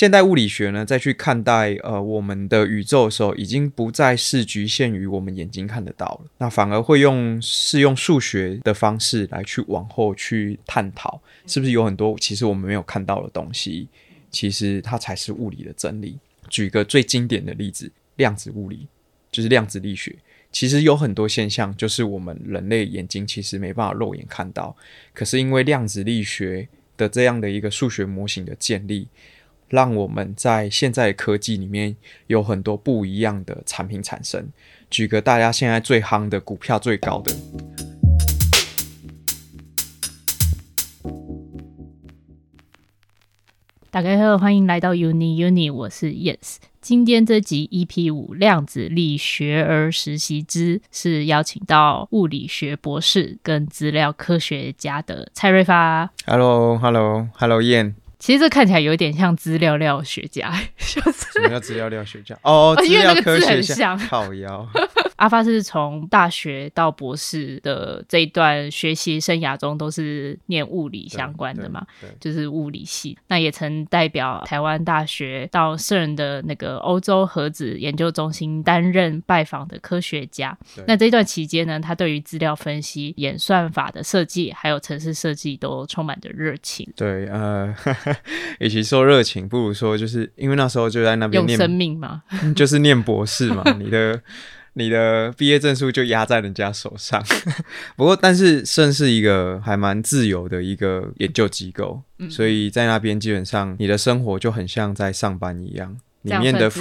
現代物理學呢，再去看待呃我們的宇宙的時候，已經不再是局限於我們眼睛看得到了，那反而會用是用數學的方式來去往後去探討，是不是有很多其實我們沒有看到的東西，其實它才是物理的真理。舉個最經典的例子，量子物理就是量子力學，其實有很多現象就是我們人類眼睛其實沒辦法肉眼看到，可是因為量子力學的這樣的一個數學模型的建立。讓我們在現在的科技裡面有很多不一樣的產品產生。舉個大家現在最夯的股票最高的。大家好，歡迎來到 Uni Uni，我是 Yes。今天這集 EP 五量子力學而時習之，是邀請到物理學博士跟資料科學家的蔡瑞發。Hello, Hello, Hello, Ian。其實這看起來有點像，資料料學家，什麼叫資料料學家？ 哦，資料科學家，靠腰。 阿發是從大學到博士的這一段學習生涯中，都是念物理相關的嘛。對對對，就是物理系。那也曾代表台灣大學到 CERN 的那個歐洲核子研究中心擔任拜訪的科學家。那這一段期間呢，他對於資料分析、演算法的設計，還有程式設計都充滿着熱情。對，呃，與其說熱情，不如說就是因為那時候就在那邊用生命嘛，就是念博士嘛，你的。 你的畢業證書就壓在人家手上， 不過但是 CERN 是一個還蠻自由的一個研究機構，嗯，所以在那邊基本上你的生活就很像在上班一樣。裡面的福，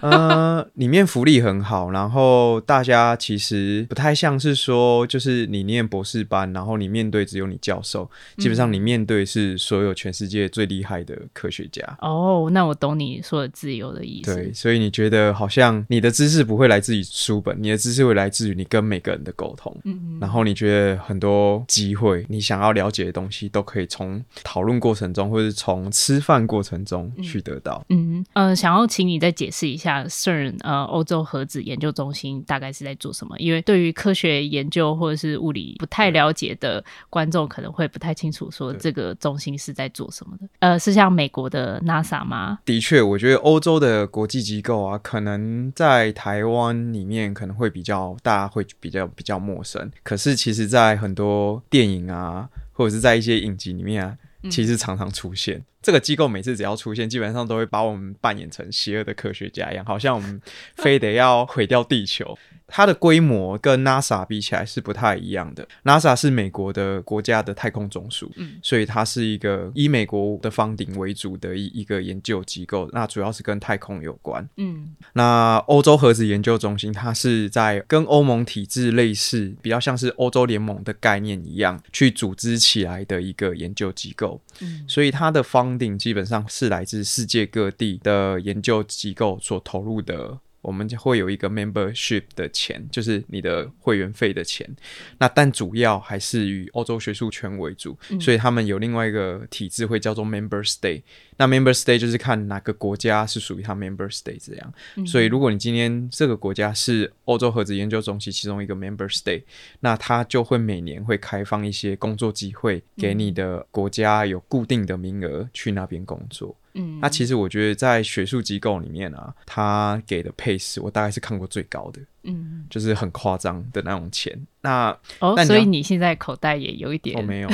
嗯 呃，裡面福利很好，然後大家其實不太像是說，就是你念博士班，然後你面對只有你教授，嗯、基本上你面對是所有全世界最厲害的科學家。哦，那我懂你說的自由的意思。對，所以你覺得好像你的知識不會來自於書本，你的知識會來自於你跟每個人的溝通。嗯。然後你覺得很多機會，你想要了解的東西，都可以從討論過程中，或是從吃飯過程中去得到。嗯。嗯、呃，想要請你再解釋一下 CERN 呃，歐洲核子研究中心大概是在做什麼？因為對於科學研究或者是物理不太了解的觀眾，可能會不太清楚說，這個中心是在做什麼的。呃，是像美國的 NASA 嗎？的確，我覺得歐洲的國際機構啊，可能在台灣裡面可能會比較大家會比較比較陌生。可是其實，在很多電影啊，或者是在一些影集裡面啊。其實常常出現，嗯，這個機構，每次只要出現，基本上都會把我們扮演成邪惡的科學家一樣，好像我們非得要毀掉地球。它的規模跟 NASA 比起來是不太一樣的。NASA 是美國的國家的太空總署，嗯，所以它是一個以美國的 funding 為主的一一個研究機構，那主要是跟太空有關，嗯。那歐洲核子研究中心它是在跟歐盟體制類似，比較像是歐洲聯盟的概念一樣去組織起來的一個研究機構，嗯，所以它的 funding 基本上是來自世界各地的研究機構所投入的。我們就會有一個 membership 的錢，就是你的會員費的錢。那但主要還是以歐洲學術圈為主，嗯，所以他們有另外一個體制，會叫做 member state。那 member state 就是看哪個國家是屬於他 member state 這樣，嗯。所以如果你今天這個國家是歐洲核子研究中心其中一個 member state，那他就會每年會開放一些工作機會給你的國家有固定的名額去那邊工作。嗯嗯， 那其實我覺得在學術機構裡面啊，他給的配飾我大概是看過最高的。.嗯，就是很誇張的那種錢。那哦，所以你現在口袋也有一點、哦？我沒有，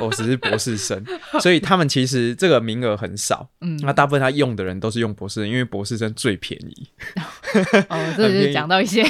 我只是博士生。 所以他們其實這個名額很少。嗯，那、啊、大部分他用的人都是用博士生，因為博士生最便宜。嗯、 便宜哦，這就是講到一些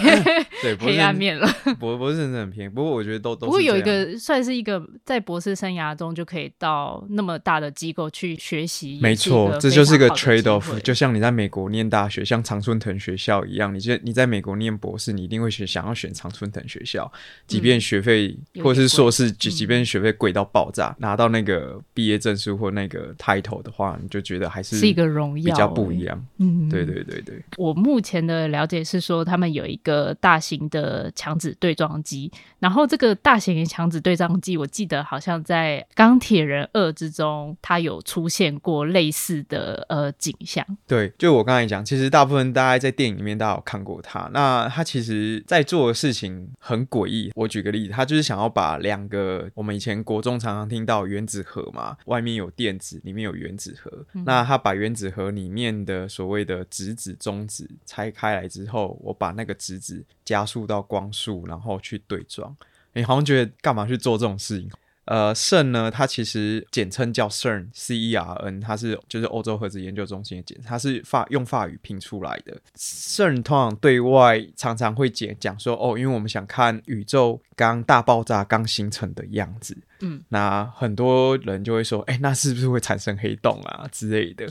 黑暗面了。 博士 博，博士生很便宜，不過我覺得都都。不過有一個 算是一個在博士生涯中就可以到那麼大的機構去學習。沒錯，這就是個 trade off。就像你在美國念大學，像常春藤學校一樣，你就你在美國念博士。或是你一定會選，想要選常春藤學校，即便學費、嗯，或是說是，即便學費貴到爆炸、嗯，拿到那個畢業證書或那個 title 的話，你就覺得還是是一個榮耀，比較不一樣。嗯，對對對對。我目前的了解是說，他們有一個大型的強子對撞機，然後這個大型的強子對撞機，我記得好像在《鋼鐵人二》之中，它有出現過類似的呃景象。對，就我剛才講，其實大部分大家在電影裡面，大家有看過它，那它。其實在做的事情很詭異。我舉個例子，他就是想要把兩個我們以前國中常常聽到原子核嘛，外面有電子，裡面有原子核。嗯。那他把原子核裡面的所謂的質子、中子拆開來之後，我把那個質子加速到光速，然後去對撞。你好像覺得幹嘛去做這種事情？呃，CERN 呢，它其實簡稱叫 CERN，C E R N，它是就是歐洲核子研究中心的簡稱，它是法，用法語拼出來的。CERN 通常對外常常會講講說，哦，因為我們想看宇宙剛大爆炸剛形成的樣子。嗯，那很多人就會說，哎、欸，那是不是會產生黑洞啊之類的？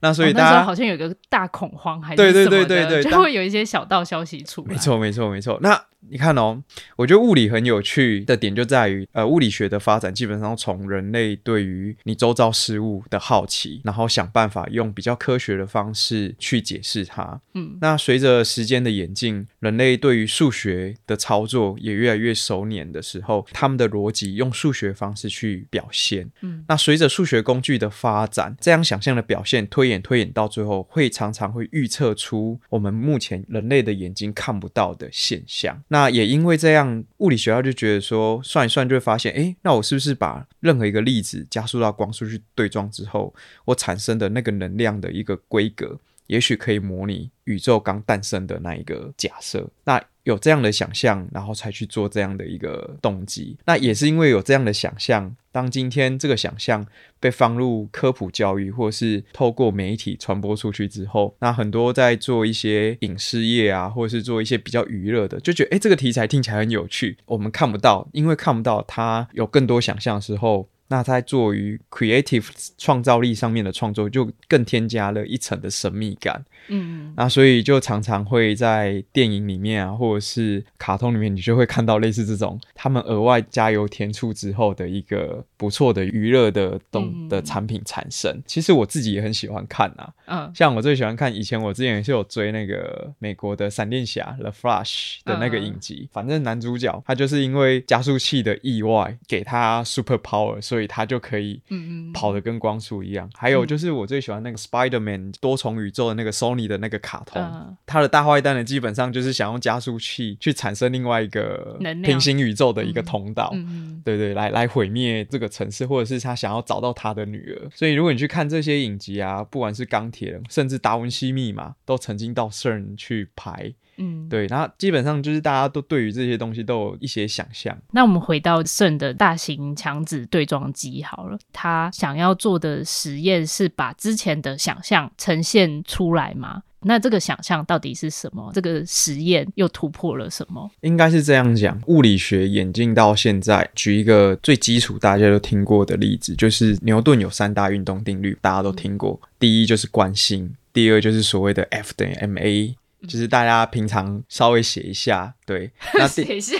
那所以大家、哦、好像有一個大恐慌，還是什麼。對，對對對對對，就會有一些小道消息出來。沒錯沒錯沒錯。那你看哦，我覺得物理很有趣的點就在於，呃，物理學的發展基本上從人類對於你周遭事物的好奇，然後想辦法用比較科學的方式去解釋它。嗯，那隨着時間的演進，人類對於數學的操作也越來越熟練的時候，他們的邏輯用數學。方式去表現，嗯，那隨着數學工具的發展，這樣想象的表現推演推演，到最後，會常常會預測出我們目前人類的眼睛看不到的現象。那也因為這樣，物理學家就覺得說，算一算就會發現，誒、欸，那我是不是把任何一個粒子加速到光速去對撞之後，我產生的那個能量的一個規格，也許可以模擬宇宙剛誕生的那一個假設？那有這樣的想象，然後才去做這樣的一個動機。那也是因為有這樣的想象。當今天這個想象被放入科普教育，或是透過媒體傳播出去之後，那很多在做一些影視業啊，或者是做一些比較娛樂的，就覺得，誒、欸，這個題材聽起來很有趣。我們看不到，因為看不到它有更多想象的時候，那在做於 creative 創造力上面的創作，就更添加了一層的神秘感。嗯，那所以就常常會在電影裡面啊，或者是卡通裡面，你就會看到類似這種他們額外加油添醋之後的一個不錯的娛樂的東的產品產生、嗯。其實我自己也很喜歡看啊，嗯、啊，像我最喜歡看以前我之前也是有追那個美國的閃電俠 The Flash 的那個影集、嗯，反正男主角他就是因為加速器的意外給他 super power，所以他就可以嗯嗯跑得跟光速一樣、嗯。還有就是我最喜歡那個 Spider-Man 多重宇宙的那個。你的那個卡通，他、uh, 的大壞蛋呢？基本上就是想用加速器去產生另外一個平行宇宙的一個通道，嗯嗯、對對，來來毀滅這個城市，或者是他想要找到他的女兒。所以，如果你去看這些影集啊，不管是鋼鐵，甚至達文西密碼，都曾經到 CERN 去拍。嗯，對，那基本上就是大家都對於這些東西都有一些想象。那我們回到 CERN 的大型強子對撞機好了，他想要做的實驗是把之前的想象呈現出來嗎？那這個想象到底是什麼？這個實驗又突破了什麼？應該是這樣講，物理學演進到現在，舉一個最基礎大家都聽過的例子，就是牛頓有三大運動定律，大家都聽過，嗯、第一就是慣性，第二就是所謂的 F 等於 ma。就是大家平常稍微寫一下，對，那寫 一下，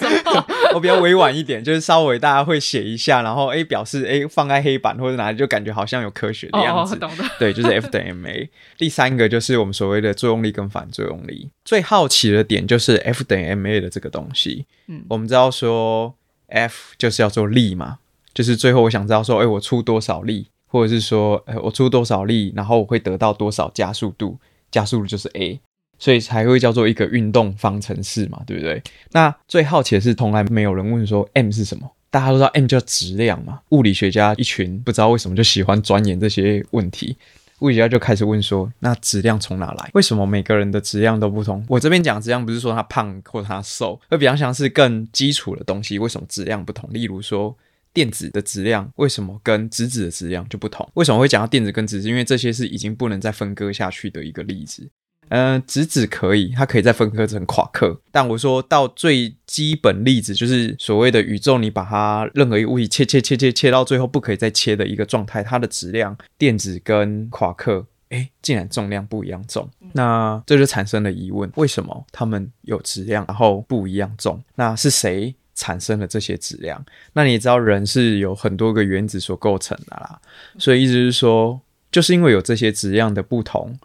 我比較委婉一點，就是稍微大家會寫一下，然後哎、欸、表示哎、欸、放在黑板或者哪裡，就感覺好像有科學的樣子。哦、懂的。對，就是 F 等於 ma。 第三個就是我們所謂的作用力跟反作用力。最好奇的點就是 F 等於 ma 的這個東西。嗯，我們知道說 F 就是要做力嘛，就是最後我想知道說，哎、欸，我出多少力，或者是說，哎、欸，我出多少力，然後我會得到多少加速度。加速度就是 a，所以才會叫做一個運動方程式嘛，對不對？那最好奇的是，從來沒有人問說 m 是什麼，大家都知道 m 叫質量嘛。物理學家一群不知道為什麼就喜歡鑽研這些問題，物理學家就開始問說，那質量從哪來？為什麼每個人的質量都不同？我這邊講質量不是說他胖或者他瘦，而比較像是更基礎的東西。為什麼質量不同？例如說。電子的質量為什麼跟質子的質量就不同？為什麼會講到電子跟質子？因為這些是已經不能再分割下去的一個粒子。呃，質子可以，它可以再分割成夸克。但我說到最基本粒子，就是所謂的宇宙，你把它任何一物體切切切切切，切，切到最後不可以再切的一個狀態，它的質量，電子跟夸克，哎，竟然重量不一樣重。那這就產生了疑問：為什麼它們有質量，然後不一樣重？那是誰？產生了這些質量，那你知道人是有很多個原子所構成的啦，所以意思是說，就是因為有這些質量的不同，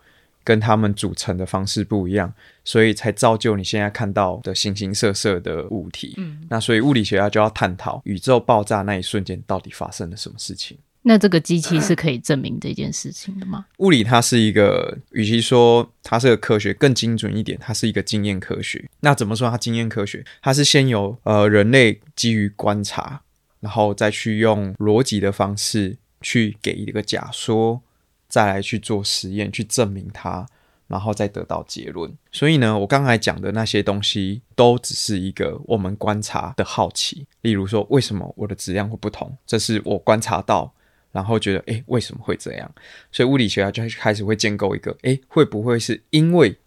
跟它們組成的方式不一樣，所以才造就你現在看到的形形色色的物體。嗯。那所以物理學家就要探討宇宙爆炸那一瞬間到底發生了什麼事情。那這個機器是可以證明這件事情的嗎？物理它是一個，與其說它是個科學，更精準一點，它是一個經驗科學。那怎麼說它經驗科學？它是先有呃人類基於觀察，然後再去用邏輯的方式去給一個假說，再來去做實驗，去證明它，然後再得到結論。所以呢，我剛才講的那些東西都只是一個我們觀察的好奇。例如說為什麼我的質量會不同？這是我觀察到。然後覺得，哎、欸，為什麼會這樣？所以物理學家就開始會建構一個，哎、欸，會不會是因為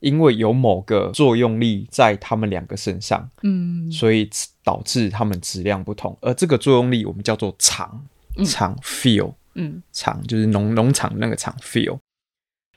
因為有某個作用力在他們兩個身上，嗯，所以導致他們質量不同？而這個作用力我們叫做場，場 field，嗯，場就是農農場那個場 field。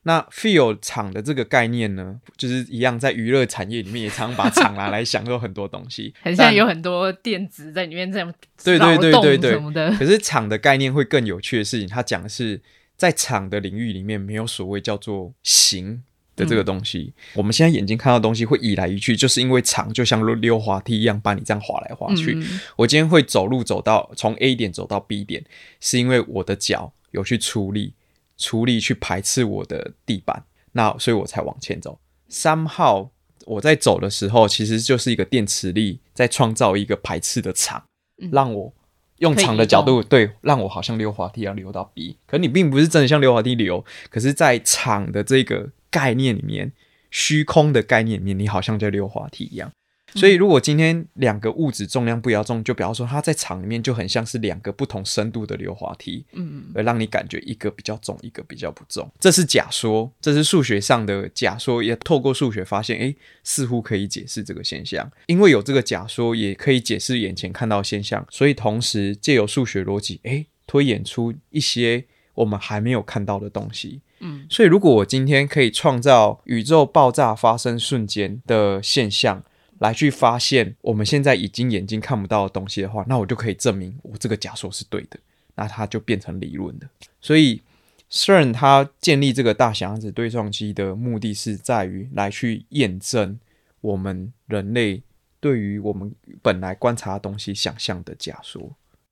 那 feel 場的這個概念呢，就是一樣在娛樂產業裡面也常把場拿來享受很多東西， 很像有很多電子在裡面這樣對,對對對對對。可是場的概念會更有趣的事情，它講的是在場的領域裡面沒有所謂叫做行的這個東西。嗯、我們現在眼睛看到的東西會移來移去，就是因為場就像溜滑梯一樣把你這樣滑來滑去。嗯、我今天會走路走到從 A 點走到 B 點，是因為我的腳有去出力。處力去排斥我的地板，那所以我才往前走。三號我在走的時候，其實就是一個電磁力在創造一個排斥的場，嗯、讓我用場的角度對，讓我好像溜滑梯一樣溜到 B。可是你並不是真的像溜滑梯溜，可是在場的這個概念裡面，虛空的概念裡面，你好像在溜滑梯一樣。所以，如果今天兩個物質重量不一樣重，就比方說它在場裡面就很像是兩個不同深度的溜滑梯，嗯嗯，而讓你感覺一個比較重，一個比較不重。這是假說，這是數學上的假說，也透過數學發現，誒、欸、似乎可以解釋這個現象。因為有這個假說，也可以解釋眼前看到的現象，所以同時借由數學邏輯，誒、欸、推演出一些我們還沒有看到的東西，嗯。所以，如果我今天可以創造宇宙爆炸發生瞬間的現象。來去發現我們現在已經眼睛看不到的東西的話，那我就可以證明我這個假說是對的，那它就變成理論的。所以雖然 r n 它建立這個大箱子對撞機的目的是在於來去驗證我們人類對於我們本來觀察的東西想象的假說，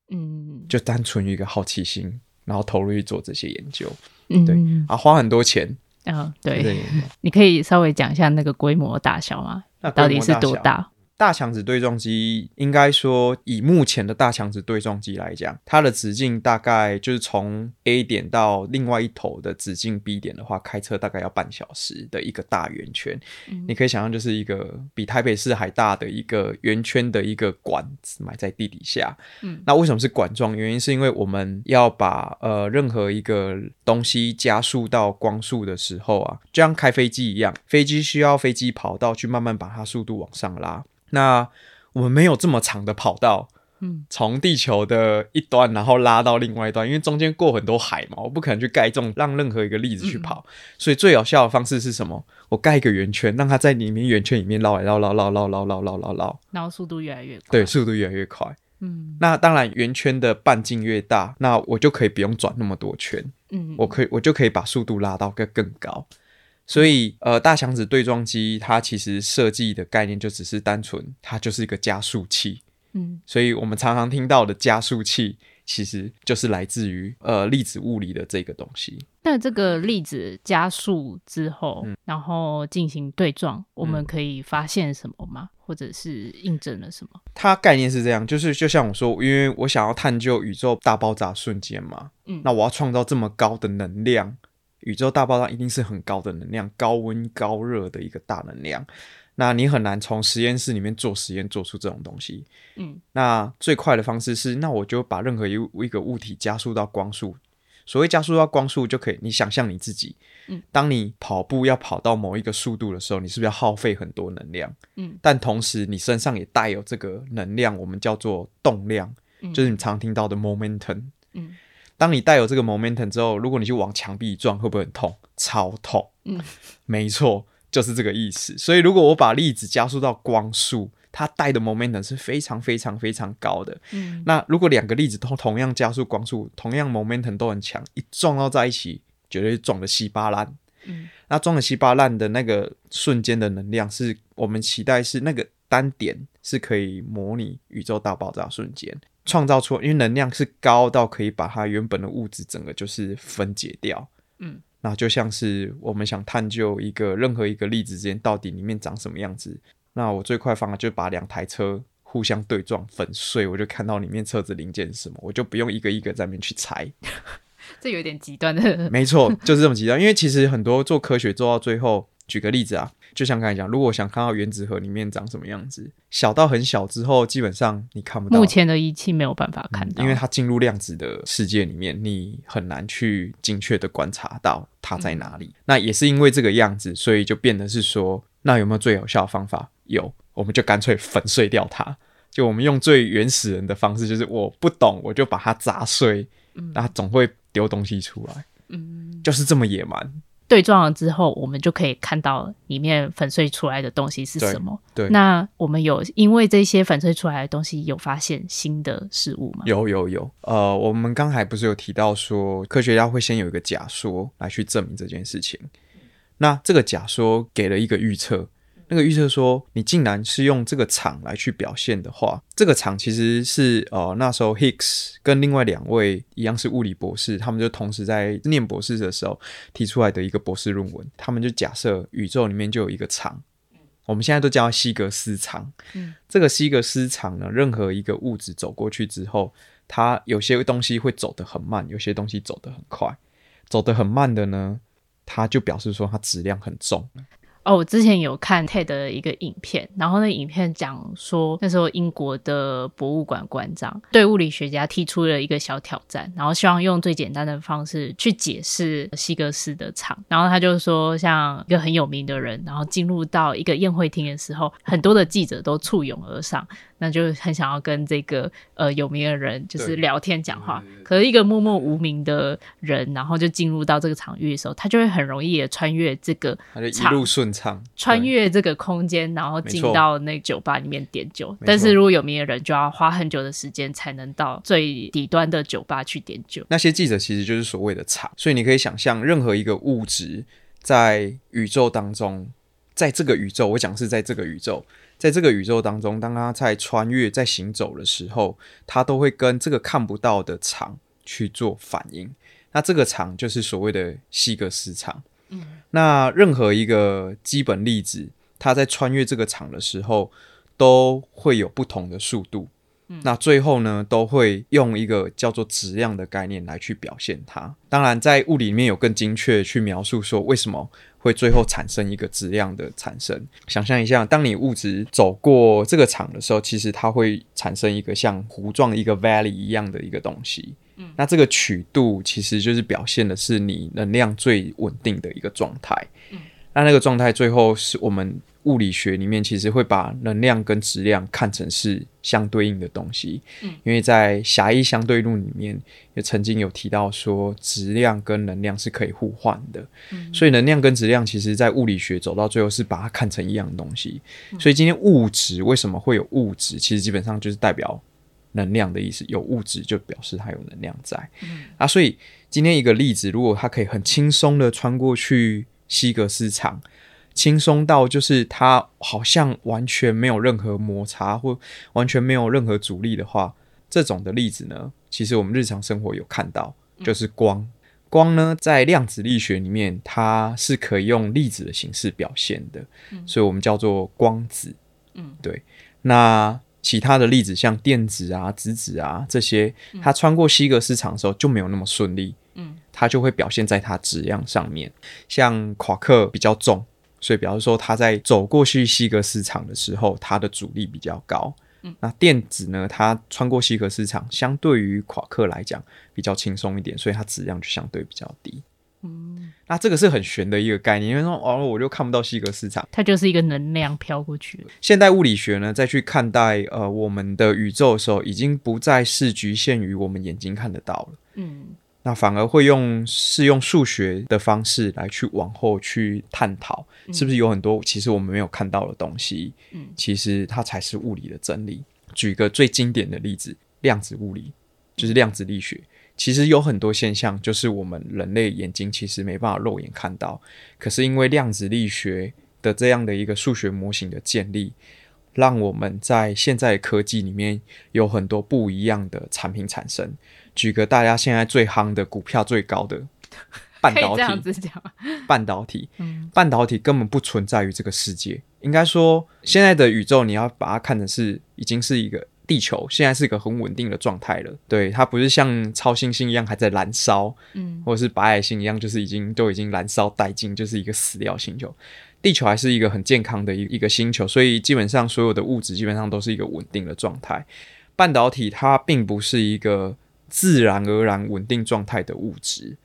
嗯，就單純一個好奇心，然後投入去做這些研究，嗯，對，啊，花很多錢。嗯、哦，對、就是你，你可以稍微講一下那個規模大小嗎大小？到底是多大？大強子對撞機應該說，以目前的大強子對撞機來講，它的直徑大概就是從 A 點到另外一頭的直徑 B 點的話，開車大概要半小時的一個大圓圈。嗯。你可以想象，就是一個比台北市還大的一個圓圈的一個管子埋在地底下。嗯。那為什麼是管狀？原因是因為我們要把呃任何一個東西加速到光速的時候啊，就像開飛機一樣，飛機需要飛機跑道去慢慢把它速度往上拉。那我們沒有這麼長的跑道，嗯，從地球的一端然後拉到另外一端，因為中間過很多海嘛，我不可能去蓋這種，讓任何一個粒子去跑，嗯。所以最有效的方式是什麼？我蓋一個圓圈，讓它在裡面圓圈裡面繞來繞繞繞繞繞繞繞繞，然後速度越來越快，對，速度越來越快。嗯，那當然圓圈的半徑越大，那我就可以不用轉那麼多圈，嗯，我可以我就可以把速度拉到更高。所以，呃，大強子對撞機它其實設計的概念就只是單純，它就是一個加速器。嗯，所以我們常常聽到的加速器，其實就是來自於呃粒子物理的這個東西。那這個粒子加速之後，嗯、然後進行對撞，我們可以發現什麼嗎、嗯？或者是印證了什麼？它概念是這樣，就是就像我說，因為我想要探究宇宙大爆炸瞬間嘛，嗯，那我要創造這麼高的能量。.宇宙大爆炸一定是很高的能量、高溫、高熱的一個大能量，那你很難從實驗室裡面做實驗做出這種東西。嗯，那最快的方式是，那我就把任何一一個物體加速到光速。所謂加速到光速就可以，你想象你自己，嗯，當你跑步要跑到某一個速度的時候，你是不是要耗費很多能量？嗯，但同時你身上也帶有這個能量，我們叫做動量，就是你常聽到的 momentum。嗯。當你帶有這個 momentum 之後，如果你去往牆壁撞，會不會很痛？超痛！嗯，沒錯，就是這個意思。所以，如果我把粒子加速到光速，它帶的 momentum 是非常非常非常高的。嗯，那如果兩個粒子都同樣加速光速，同樣 momentum 都很強，一撞到在一起，絕對撞得稀巴爛，嗯。那撞得稀巴爛的那個瞬間的能量是，是我們期待是那個單點是可以模擬宇宙大爆炸瞬間。創造出，因為能量是高到可以把它原本的物質整個就是分解掉。嗯，那就像是我們想探究一個任何一個粒子之間到底裡面長什麼樣子，那我最快方法就把兩台車互相對撞粉碎，我就看到裡面車子零件是什麼，我就不用一個一個在裡面去猜。這有點極端的， 沒錯，就是這麼極端。因為其實很多做科學做到最後。舉個例子啊，就像剛才講，如果想看到原子核裡面長什麼樣子，小到很小之後，基本上你看不到。目前的儀器沒有辦法看到。嗯，因為它進入量子的世界裡面，你很難去精確的觀察到它在哪裡。嗯。那也是因為這個樣子，所以就變得是說，那有沒有最有效的方法？有，我們就乾脆粉碎掉它。就我們用最原始人的方式，就是我不懂，我就把它砸碎，它總會丟東西出來，嗯，就是這麼野蠻。對撞了之後，我們就可以看到裡面粉碎出來的東西是什麼。對，對，那我們有因為這些粉碎出來的東西，有發現新的事物嗎？有有有。呃，我們剛才不是有提到說，科學家會先有一個假說來去證明這件事情。那這個假說給了一個預測。那個預測說，你竟然是用這個場來去表現的話，這個場其實是呃，那時候 Higgs 跟另外兩位一樣是物理博士，他們就同時在念博士的時候提出來的一個博士論文。他們就假設宇宙裡面就有一個場，我們現在都叫希格斯場。嗯、這個希格斯場呢，任何一個物質走過去之後，它有些東西會走得很慢，有些東西走得很快。走得很慢的呢，它就表示說它質量很重。哦，我之前有看 TED 的一個影片，然後那影片講說，那時候英國的博物館館長對物理學家提出了一個小挑戰，然後希望用最簡單的方式去解釋希格斯的場，然後他就說，像一個很有名的人，然後進入到一個宴會廳的時候，很多的記者都簇擁而上。那就很想要跟這個呃有名的人就是聊天講話，對對對對，可是一個默默無名的人，然後就進入到這個場域的時候，他就會很容易的穿越這個，他就一路順暢穿越這個空間，然後進到那酒吧裡面點酒。但是如果有名的人，就要花很久的時間才能到最底端的酒吧去點酒。那些記者其實就是所謂的場，所以你可以想象，任何一個物質在宇宙當中。在這個宇宙，我講是在這個宇宙，在這個宇宙當中，當他在穿越、在行走的時候，他都會跟這個看不到的場去做反應。那這個場就是所謂的希格斯場。嗯。那任何一個基本粒子，它在穿越這個場的時候，都會有不同的速度。嗯。那最後呢，都會用一個叫做質量的概念來去表現它。當然，在物理裡面有更精確去描述說為什麼。會最後產生一個質量的產生。想象一下，當你物質走過這個場的時候，其實它會產生一個像弧狀一個 valley 一樣的一個東西。嗯，那這個曲度其實就是表現的是你能量最穩定的一個狀態。嗯，那那個狀態最後是我們。物理學裡面其實會把能量跟質量看成是相對應的東西，嗯、因為在狹義相對論裡面也曾經有提到說質量跟能量是可以互換的、嗯，所以能量跟質量其實在物理學走到最後是把它看成一樣東西、嗯，所以今天物質為什麼會有物質？其實基本上就是代表能量的意思，有物質就表示它有能量在，嗯、啊，所以今天一個例子，如果它可以很輕鬆的穿過去希格斯場。輕鬆到就是它好像完全沒有任何摩擦或完全沒有任何阻力的話，這種的粒子呢，其實我們日常生活有看到、嗯，就是光。光呢，在量子力學裡面，它是可以用粒子的形式表現的，嗯、所以我們叫做光子。嗯，對。那其他的粒子，像電子啊、質子啊這些，它穿過希格斯場的時候就沒有那麼順利。嗯，它就會表現在它質量上面，像夸克比較重。所以，比方說，它在走過去西格市場的時候，它的阻力比較高。嗯，那電子呢，它穿過西格市場，相對於夸克來講比較輕鬆一點，所以它質量就相對比較低。嗯，那這個是很玄的一個概念，因為說哦，我就看不到西格市場，它就是一個能量飄過去了。現代物理學呢，在去看待呃我們的宇宙的時候，已經不再是局限於我們眼睛看得到了。嗯。那反而會用是用數學的方式來去往後去探討，是不是有很多其實我們沒有看到的東西，其實它才是物理的真理。舉個最經典的例子，量子物理就是量子力學。其實有很多現象就是我們人類眼睛其實沒辦法肉眼看到，可是因為量子力學的這樣的一個數學模型的建立，讓我們在現在的科技裡面有很多不一樣的產品產生。舉個大家現在最夯的股票最高的半導體， 半導體、嗯，半導體根本不存在於這個世界。應該說，現在的宇宙你要把它看成是已經是一個地球，現在是一個很穩定的狀態了。對，它不是像超新星一樣還在燃燒，嗯，或者是白矮星一樣，就是已經都已經燃燒殆盡，就是一個死掉星球。地球還是一個很健康的一一個星球，所以基本上所有的物質基本上都是一個穩定的狀態。半導體它並不是一個。自然而然穩定狀態的物質，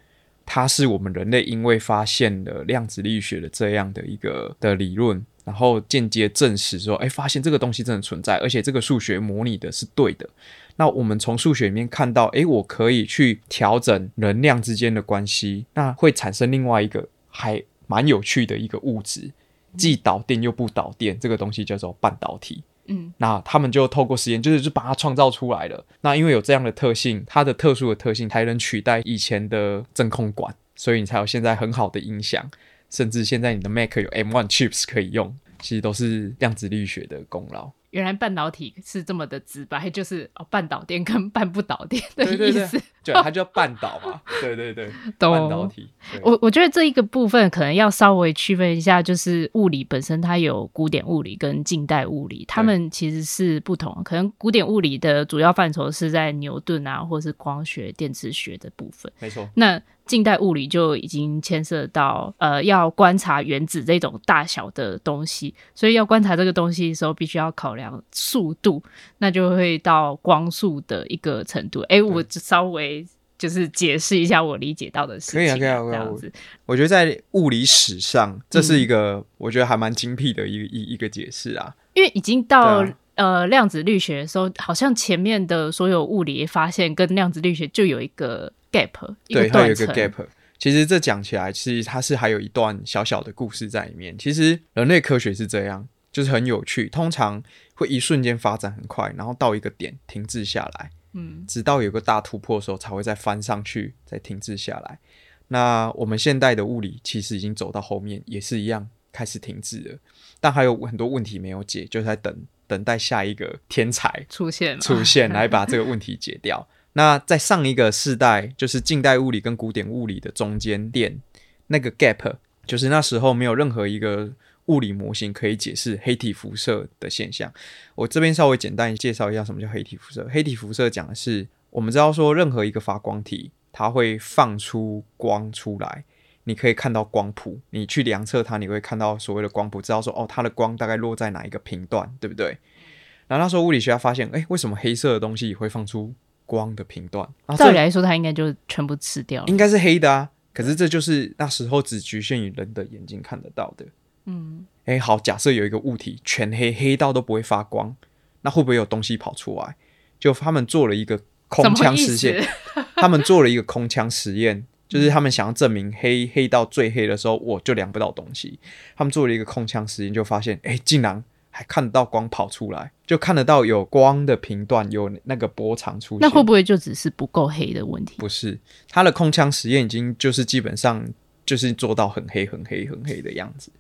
它是我們人類因為發現了量子力學的這樣的一個的理論，然後間接證實說，哎、欸，發現這個東西真的存在，而且這個數學模擬的是對的。那我們從數學裡面看到，哎、欸，我可以去調整能量之間的關係，那會產生另外一個還蠻有趣的一個物質，既導電又不導電，這個東西叫做半導體。嗯，那他們就透過實驗，就是就把它創造出來了。那因為有這樣的特性，它的特殊的特性才能取代以前的真空管，所以你才有現在很好的音響，甚至現在你的 Mac 有 M1 Chips 可以用，其實都是量子力學的功勞。原來半導體是這麼的直白，就是哦，半導電跟半不導電的意思，對，對，對， 對，它就叫半導嘛，對對對，半導體。我我覺得這一個部分可能要稍微區分一下，就是物理本身它有古典物理跟近代物理，它們其實是不同。可能古典物理的主要範疇是在牛頓啊，或是光學、電磁學的部分，沒錯。那近代物理就已經牽涉到，呃，要觀察原子這種大小的東西，所以要觀察這個東西的時候，必須要考量速度，那就會到光速的一個程度。誒、欸，我稍微就是解釋一下我理解到的事情。可以啊，可以啊，這樣子。我，我覺得在物理史上，這是一個我覺得還蠻精闢的一一、嗯、一個解釋啊，因為已經到、對啊。呃，量子力學的時候，好像前面的所有物理也發現跟量子力學就有一個 gap，一個斷層。對，還有一個 gap。其實這講起來，其實它是還有一段小小的故事在裡面。其實人類科學是這樣，就是很有趣，通常會一瞬間發展很快，然後到一個點停滯下來，嗯，直到有個大突破的時候才會再翻上去，再停滯下來。那我們現代的物理其實已經走到後面，也是一樣開始停滯了，但還有很多問題沒有解，就在等。等待下一個天才出現，出現來把這個問題解掉。 那在上一個世代，就是近代物理跟古典物理的中間點，那個 gap 就是那時候沒有任何一個物理模型可以解釋黑體輻射的現象。我這邊稍微簡單介紹一下什麼叫黑體輻射。黑體輻射講的是，我們知道說任何一個發光體，它會放出光出來。你可以看到光譜，你去量測它，你會看到所謂的光譜，知道說哦，它的光大概落在哪一個頻段，對不對？然後那時候物理學家發現，哎、欸，為什麼黑色的東西也會放出光的頻段？照理來說，它應該就是全部吃掉，應該是黑的啊。可是這就是那時候只局限於人的眼睛看得到的。嗯，哎、欸，好，假設有一個物體全黑，黑到都不會發光，那會不會有東西跑出來？就他們做了一個空腔實驗， 他們做了一個空腔實驗。就是他們想要證明黑黑到最黑的時候，我就量不到東西。他們做了一個空腔實驗，就發現，誒、欸，竟然還看得到光跑出來，就看得到有光的頻段，有那個波長出現。那會不會就只是不夠黑的問題？不是，它的空腔實驗已經就是基本上就是做到很黑、很黑、很黑的樣子。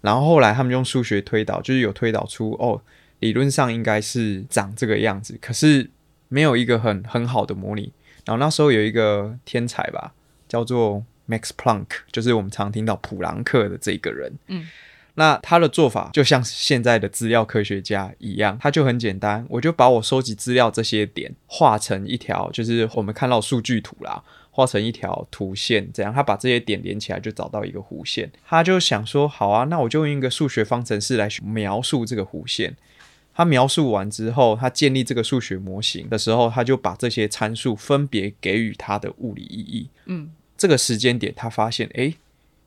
然後後來他們用數學推導，就是有推導出哦，理論上應該是長這個樣子，可是沒有一個很很好的模擬。然後那時候有一個天才吧。叫做 Max Planck，就是我們常聽到普朗克的這個人。嗯，那他的做法就像現在的資料科學家一樣，他就很簡單，我就把我收集資料這些點畫成一條，就是我們看到數據圖啦，畫成一條圖線，這樣他把這些點連起來就找到一個弧線。他就想說，好啊，那我就用一個數學方程式來描述這個弧線。他描述完之後，他建立這個數學模型的時候，他就把這些參數分別給予他的物理意義。嗯，這個時間點，他發現，哎，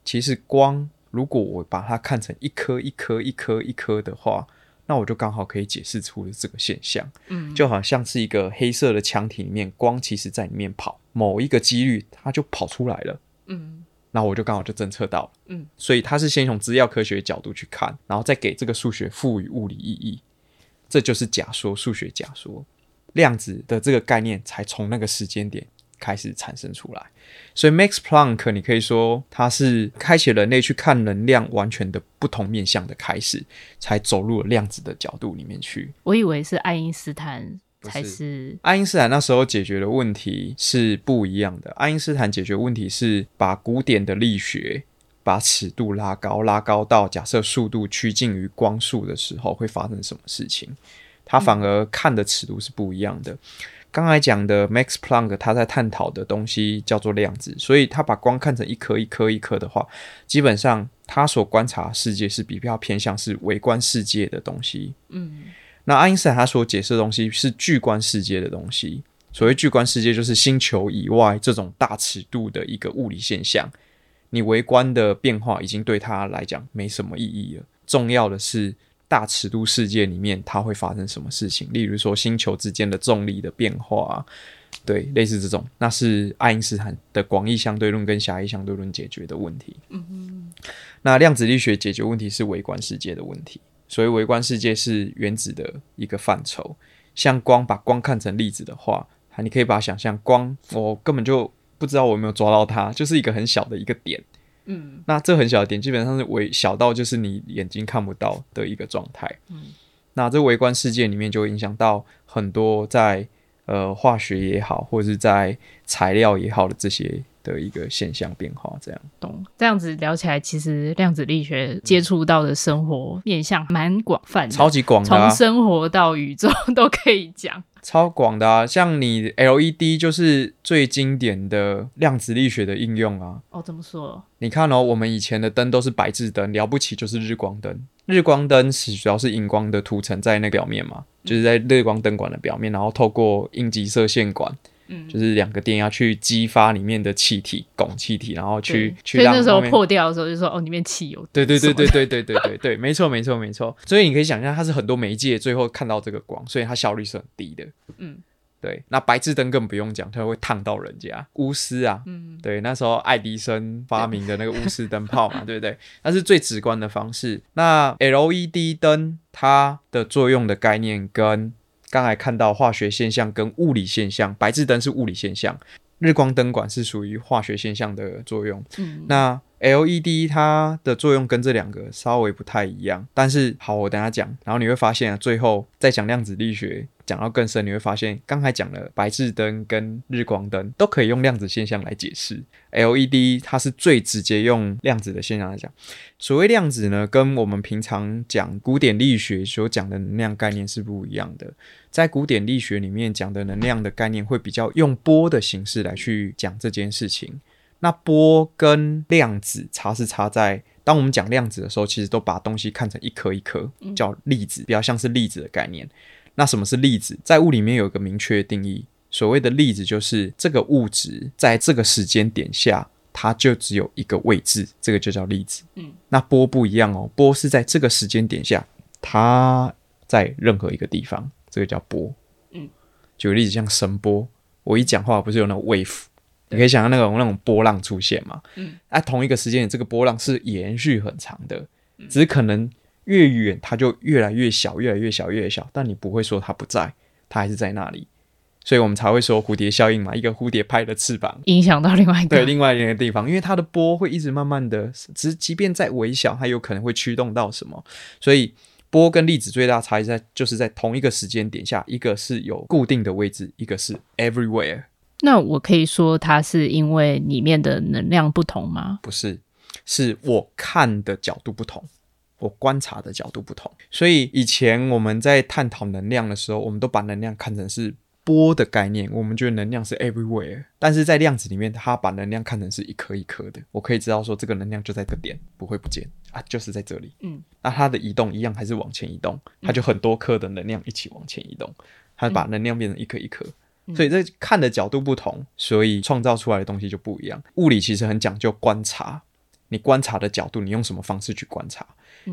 其實光如果我把它看成一顆一顆一顆一顆的話，那我就剛好可以解釋出了這個現象。嗯，就好像是一個黑色的腔體裡面，光其實在裡面跑，某一個幾率它就跑出來了。嗯，那我就剛好就偵測到了。嗯，所以他是先從資料科學的角度去看，然後再給這個數學賦予物理意義。這就是假說，數學假說，量子的這個概念才從那個時間點開始產生出來。所以，Max Planck，你可以說他是開啟人類去看能量完全的不同面向的開始，才走入了量子的角度裡面去。我以為是愛因斯坦才是。不是。愛因斯坦那時候解決的問題是不一樣的。愛因斯坦解決的問題是把古典的力學。把尺度拉高，拉高到假設速度趨近於光速的時候，會發生什麼事情？他反而看的尺度是不一樣的。嗯，剛才講的 Max Planck，他在探討的東西叫做量子，所以他把光看成一顆一顆一顆的話，基本上他所觀察世界是比較偏向是微觀世界的東西。嗯，那愛因斯坦他所解釋的東西是巨觀世界的東西。所謂巨觀世界，就是星球以外這種大尺度的一個物理現象。你微觀的變化已經對他來講沒什麼意義了。重要的是大尺度世界裡面它會發生什麼事情，例如說星球之間的重力的變化，對，類似這種，那是愛因斯坦的廣義相對論跟狹義相對論解決的問題。嗯哼。那量子力學解決問題是微觀世界的問題，所以微觀世界是原子的一個範疇。像光，把光看成粒子的話，啊，你可以把它想象光，我根本就不知道我有沒有抓到它，就是一個很小的一個點。嗯，那這很小的點基本上是微小到就是你眼睛看不到的一個狀態。嗯，那這微觀世界裡面就會影響到很多在呃化學也好，或者是在材料也好的這些的一個現象變化，這樣懂，這樣子聊起來，其實量子力學接觸到的生活面向蠻廣泛的，嗯、超級廣的、啊，從生活到宇宙都可以講，超廣的啊。像你 LED 就是最經典的量子力學的應用啊。哦，怎麼說？你看哦，我們以前的燈都是白熾燈，了不起就是日光燈。日光燈是主要是熒光的塗層在那表面嘛、嗯，就是在日光燈管的表面，然後透過陰極射線管，就是兩個電壓去激發裡面的氣體汞氣體，然後去去讓，所以那時候破掉的時候就說哦，裡面汽油。對對對對對對對對對， 沒錯沒錯沒錯。所以你可以想象，它是很多媒介，最後看到這個光，所以它效率是很低的。嗯，對。那白熾燈更不用講，它會燙到人家。鎢絲啊，嗯，對，那時候愛迪生發明的那個鎢絲燈泡嘛， 對不對？那是最直觀的方式。那 LED 燈它的作用的概念跟。剛才看到化學現象跟物理現象，白熾燈是物理現象，日光燈管是屬於化學現象的作用。嗯，那。LED 它的作用跟這兩個稍微不太一樣，但是好，我等下講，然後你會發現啊，最後再講量子力學，講到更深，你會發現剛才講了白熾燈跟日光燈都可以用量子現象來解釋，LED 它是最直接用量子的現象來講。所謂量子呢，跟我們平常講古典力學所講的能量概念是不一樣的，在古典力學裡面講的能量的概念會比較用波的形式來去講這件事情。那波跟量子差是差在，當我們講量子的時候，其實都把東西看成一顆一顆，叫粒子，比較像是粒子的概念。那什麼是粒子？在物理裡面有一個明確的定義，所謂的粒子就是這個物質在這個時間點下，它就只有一個位置，這個就叫粒子。嗯，那波不一樣哦，波是在這個時間點下，它在任何一個地方，這個叫波。嗯、舉個例子，像聲波，我一講話不是有那種 wave？你可以想象那種、個、那種波浪出現嘛？嗯，在、啊、同一個時間點，這個波浪是延續很長的，嗯、只可能越遠它就越來越小，越來越小，越來小。但你不會說它不在，它還是在那裡。所以我們才會說蝴蝶效應嘛，一個蝴蝶拍了翅膀，影響到另外一個，對，另外一個地方。因為它的波會一直慢慢的，只即，即便再微小，它有可能會驅動到什麼。所以波跟粒子最大差異在就是在同一個時間點下，一個是有固定的位置，一個是 everywhere。那我可以說它是因為裡面的能量不同嗎？不是，是我看的角度不同，我觀察的角度不同。所以以前我們在探討能量的時候，我們都把能量看成是波的概念，我們覺得能量是 everywhere。但是在量子裡面，它把能量看成是一顆一顆的。我可以知道說這個能量就在這點，不會不見啊，就是在這裡。嗯，那它的移動一樣還是往前移動，它就很多顆的能量一起往前移動，它把能量變成一顆一顆。嗯。所以這看的角度不同，所以創造出來的東西就不一樣。物理其實很講究觀察，你觀察的角度，你用什麼方式去觀察。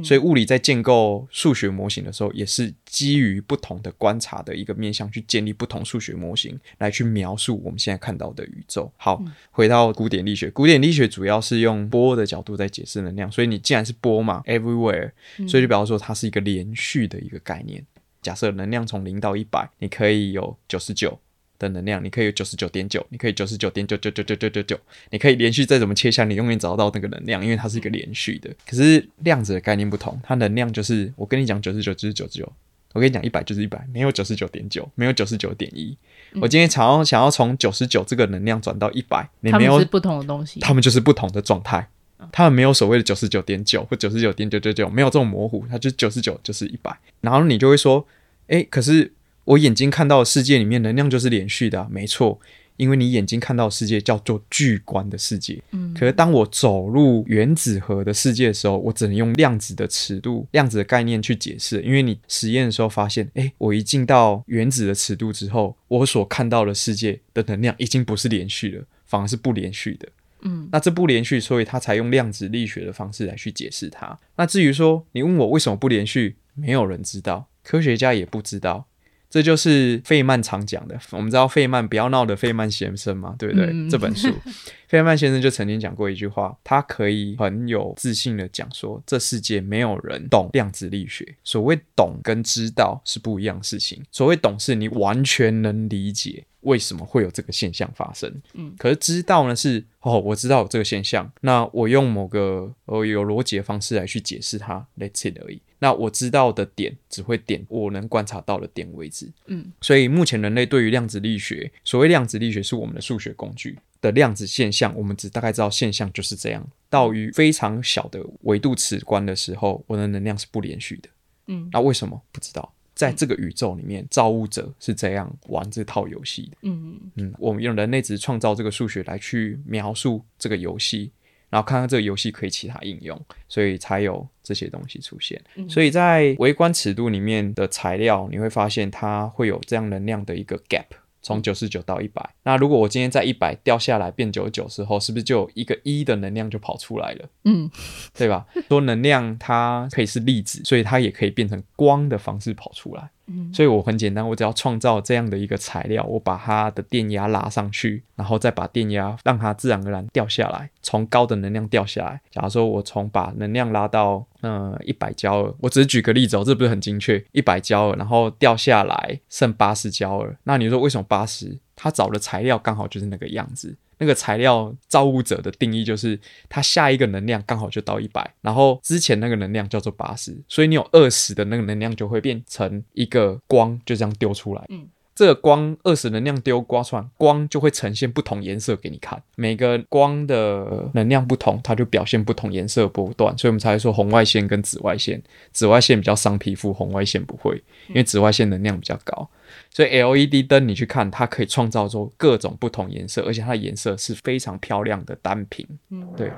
所以物理在建構數學模型的時候，也是基於不同的觀察的一個面向去建立不同數學模型來去描述我們現在看到的宇宙。好，回到古典力學，古典力學主要是用波的角度在解釋能量。所以你既然是波嘛，everywhere，所以就比方說它是一個連續的一個概念。假設能量從零到一百，你可以有九十九。的能量，你可以有九十九點九，你可以九十九點九九九九九九九，你可以連續再怎麼切下，你永遠找到那個能量，因為它是一個連續的。嗯、可是量子的概念不同，它能量就是我跟你講九十九就是九十九，我跟你講一百就是一百，沒有九十九點九，沒有九十九點一。我今天想要想要從九十九這個能量轉到一百，它們是不同的東西，它們就是不同的狀態，它、嗯、們沒有所謂的九十九點九或九十九點九九九，沒有這種模糊，它就九十九就是一百，然後你就會說，誒、欸，可是。我眼睛看到的世界裡面能量就是連續的、啊，沒錯，因為你眼睛看到的世界叫做巨觀的世界、嗯。可是當我走入原子核的世界的時候，我只能用量子的尺度、量子的概念去解釋，因為你實驗的時候發現，誒、欸，我一進到原子的尺度之後，我所看到的世界的能量已經不是連續了，反而是不連續的。嗯，那這不連續，所以它才用量子力學的方式來去解釋它。那至於說你問我為什麼不連續，沒有人知道，科學家也不知道。這就是費曼常講的，我們知道費曼不要鬧的費曼先生嘛，對不對？嗯、這本書， 費曼先生就曾經講過一句話，他可以很有自信的講說，這世界沒有人懂量子力學。所謂懂跟知道是不一樣的事情，所謂懂是你完全能理解為什麼會有這個現象發生。嗯、可是知道呢是哦，我知道有這個現象，那我用某個哦有邏輯的方式來去解釋它 that's it 而已。那我知道的點，只會點我能觀察到的點為止。嗯，所以目前人類對於量子力學，所謂量子力學是我們的數學工具的量子現象，我們只大概知道現象就是這樣。到於非常小的微度尺觀的時候，我的能量是不連續的。嗯，那為什麼？不知道。在這個宇宙裡面，嗯、造物者是這樣玩這套遊戲的。嗯嗯。我們用人類只創造這個數學來去描述這個遊戲。然後看看這個遊戲可以其他應用，所以才有這些東西出現。嗯。所以在微觀尺度裡面的材料，你會發現它會有這樣能量的一個 gap。從九十九到一百，那如果我今天在一百掉下來變九十九之後，是不是就有一個一的能量就跑出來了？嗯，對吧？說能量它可以是粒子，所以它也可以變成光的方式跑出來。嗯，所以我很簡單，我只要創造這樣的一個材料，我把它的電壓拉上去，然後再把電壓讓它自然而然掉下來，從高的能量掉下來。假如說我從把能量拉到。嗯、呃，一百焦耳，我只是舉個例子哦，這不是很精確。一百焦耳，然後掉下來剩八十焦耳。那你說為什麼八十？他找的材料剛好就是那個樣子。那個材料造物者的定義就是，他下一個能量剛好就到一百，然後之前那個能量叫做八十，所以你有二十的那個能量就會變成一個光，就這樣丟出來。嗯。這個、光，二十能量丟刮出來，刮穿光就會呈現不同顏色給你看。每個光的能量不同，它就表現不同顏色波段，所以我們才會說紅外線跟紫外線。紫外線比較傷皮膚，紅外線不會，因為紫外線能量比較高。所以 LED 燈你去看，它可以創造出各種不同顏色，而且它的顏色是非常漂亮的單品。嗯，對，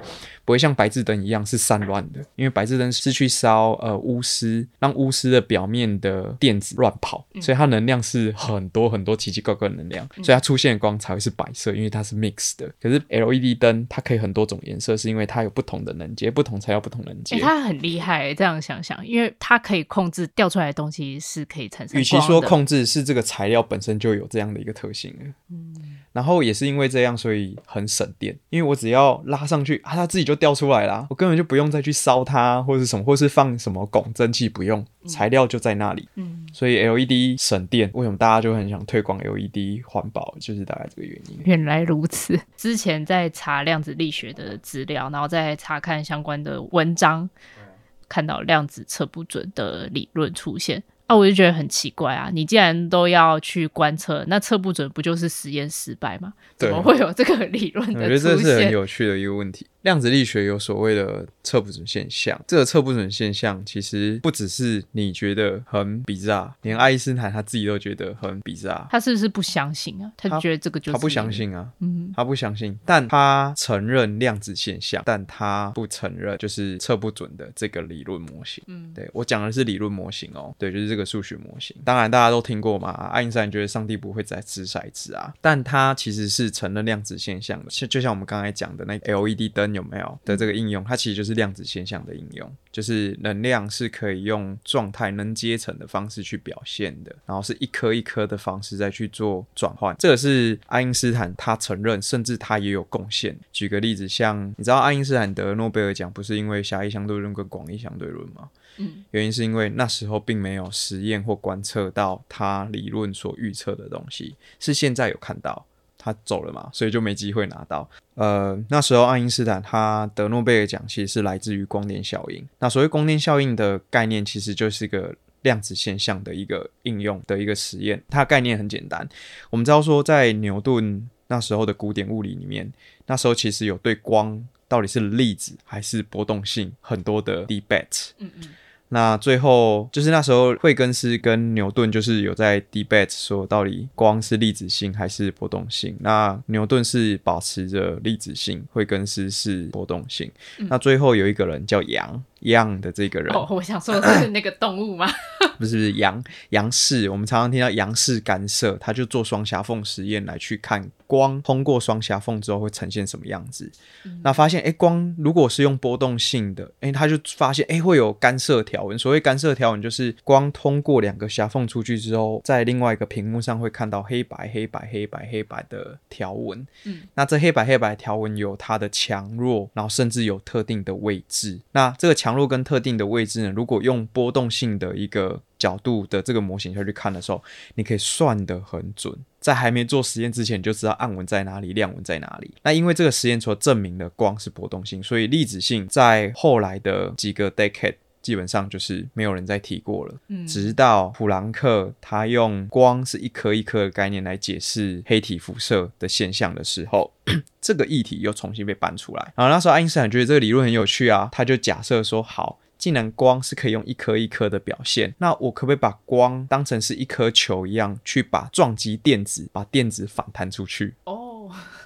不會像白熾燈一樣是散亂的，因為白熾燈是去燒呃鎢絲，讓鎢絲的表面的電子亂跑、嗯，所以它能量是很多很多奇奇怪怪的能量、嗯，所以它出現的光才會是白色，因為它是 mix 的。可是 LED 燈它可以很多種顏色，是因為它有不同的能階，不同才有不同能階、欸。它很厲害，這樣想想，因為它可以控制掉出來的東西是可以產生的。與其說控制是這個。材料本身就有這樣的一個特性，嗯，然後也是因為這樣，所以很省電，因為我只要拉上去啊，它自己就掉出來了，我根本就不用再去燒它或者什麼，或是放什麼汞蒸汽，不用，材料就在那裡，嗯，所以 LED 省電，為什麼大家就很想推廣 LED 環保，就是大概這個原因。原來如此，之前在查量子力學的資料，然後再查看相關的文章，嗯，看到量子測不準的理論出現。那、啊、我就覺得很奇怪啊！你既然都要去觀測，那測不准不就是實驗失敗嗎？怎麼會有這個理論的出現？對，我覺得這是很有趣的一個問題。量子力學有所謂的測不準現象，這個測不準現象其實不只是你覺得很 bizarre，連愛因斯坦他自己都覺得很 bizarre。他是不是不相信啊？他覺得這個就是他不相信啊，嗯，他不相信，但他承認量子現象，但他不承認就是測不準的這個理論模型。嗯，對，我講的是理論模型哦、喔，對，就是這個數學模型。當然大家都聽過嘛，愛因斯坦覺得上帝不會再擲骰子啊，但他其實是承認量子現象的，像就像我們剛才講的那個 LED 燈。有沒有的這個應用、嗯？它其實就是量子現象的應用，就是能量是可以用狀態能階層的方式去表現的，然後是一顆一顆的方式再去做轉換。這個是愛因斯坦他承認，甚至他也有貢獻。舉個例子，像你知道愛因斯坦得諾貝爾獎不是因為狹義相對論跟廣義相對論嗎？嗯，原因是因為那時候並沒有實驗或觀測到他理論所預測的東西，是現在有看到。他走了嘛，所以就沒機會拿到。呃，那時候愛因斯坦他得諾貝爾獎，其實是來自於光電效應。那所謂光電效應的概念，其實就是一個量子現象的一個應用的一個實驗。它概念很簡單，我們知道說在牛頓那時候的古典物理裡面，那時候其實有對光到底是粒子還是波動性很多的 debate。嗯嗯。那最後就是那時候，惠更斯跟牛頓就是有在 debate，說到底光是粒子性還是波動性。那牛頓是保持着粒子性，惠更斯是波動性，嗯。那最後有一個人叫楊。一樣的這個人哦，oh, 我想說的是，是那個動物嗎？ 不是不是楊楊氏，我們常常聽到楊氏干涉，他就做雙狹縫實驗來去看光通過雙狹縫之後會呈現什麼樣子。嗯、那發現哎、欸，光如果是用波動性的，哎、欸，他就發現哎、欸、會有干涉條紋。所謂干涉條紋就是光通過兩個狹縫出去之後，在另外一個屏幕上會看到黑白黑白黑白黑白的條紋。嗯，那這黑白黑白條紋有它的強弱，然後甚至有特定的位置。那這個強強度跟特定的位置呢，如果用波動性的一個角度的這個模型下去看的時候，你可以算得很準。在還沒做實驗之前，你就知道暗紋在哪裡，亮紋在哪裡。那因為這個實驗所證明的光是波動性，所以粒子性在後來的幾個 decade。基本上就是沒有人再提過了，嗯、直到普朗克他用光是一顆一顆的概念來解釋黑體輻射的現象的時候， 這個議題又重新被搬出來。然後那時候愛因斯坦覺得這個理論很有趣啊，他就假設說：好，既然光是可以用一顆一顆的表現，那我可不可以把光當成是一顆球一樣去把撞擊電子，把電子反彈出去？哦。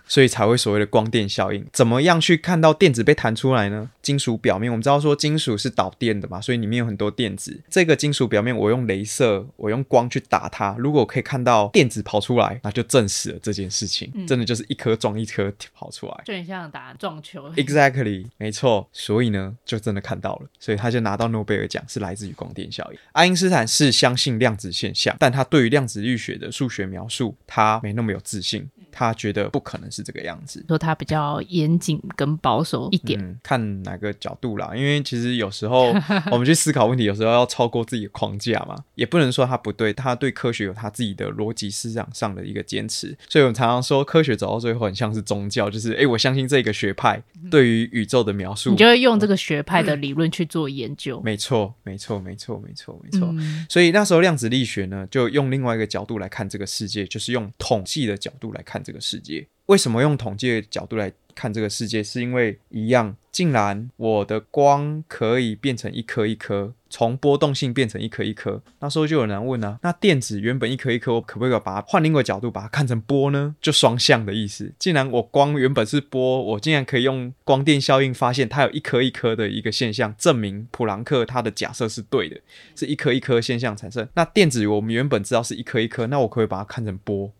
所以才會所謂的光電效應，怎麼樣去看到電子被彈出來呢？金屬表面，我們知道說金屬是導電的嘛，所以裡面有很多電子。這個金屬表面，我用雷射，我用光去打它，如果可以看到電子跑出來，那就證實了這件事情，真的就是一顆撞一顆跑出來，就很像打撞球。Exactly，沒錯。所以呢，就真的看到了，所以他就拿到諾貝爾獎，是來自於光電效應。愛因斯坦是相信量子現象，但他對於量子力學的數學描述，他沒那麼有自信，他覺得不可能。是這個樣子，說它比較嚴謹跟保守一點。嗯，看哪個角度啦。因為其實有時候 我們去思考問題，有時候要超過自己的框架嘛，也不能說他不對，他對科學有他自己的邏輯思想上的一個堅持。所以我們常常說，科學走到最後，很像是宗教，就是哎、欸，我相信這個學派對於宇宙的描述，你就會用這個學派的理論去做研究。嗯、沒錯，沒錯，沒錯，沒錯，沒錯、嗯。所以那時候量子力學呢，就用另外一個角度來看這個世界，就是用統計的角度來看這個世界。為什麼用統計的角度來看這個世界？是因為一樣，竟然我的光可以變成一顆一顆，從波動性變成一顆一顆。那時候就有人問啊，那電子原本一顆一顆，我可不可以把它換另外一個角度，把它看成波呢？就雙向的意思。既然我光原本是波，我竟然可以用光電效應發現它有一顆一顆的一個現象，證明普朗克他的假設是對的，是一顆一顆現象產生。那電子我們原本知道是一顆一顆，那我可不可以把它看成波？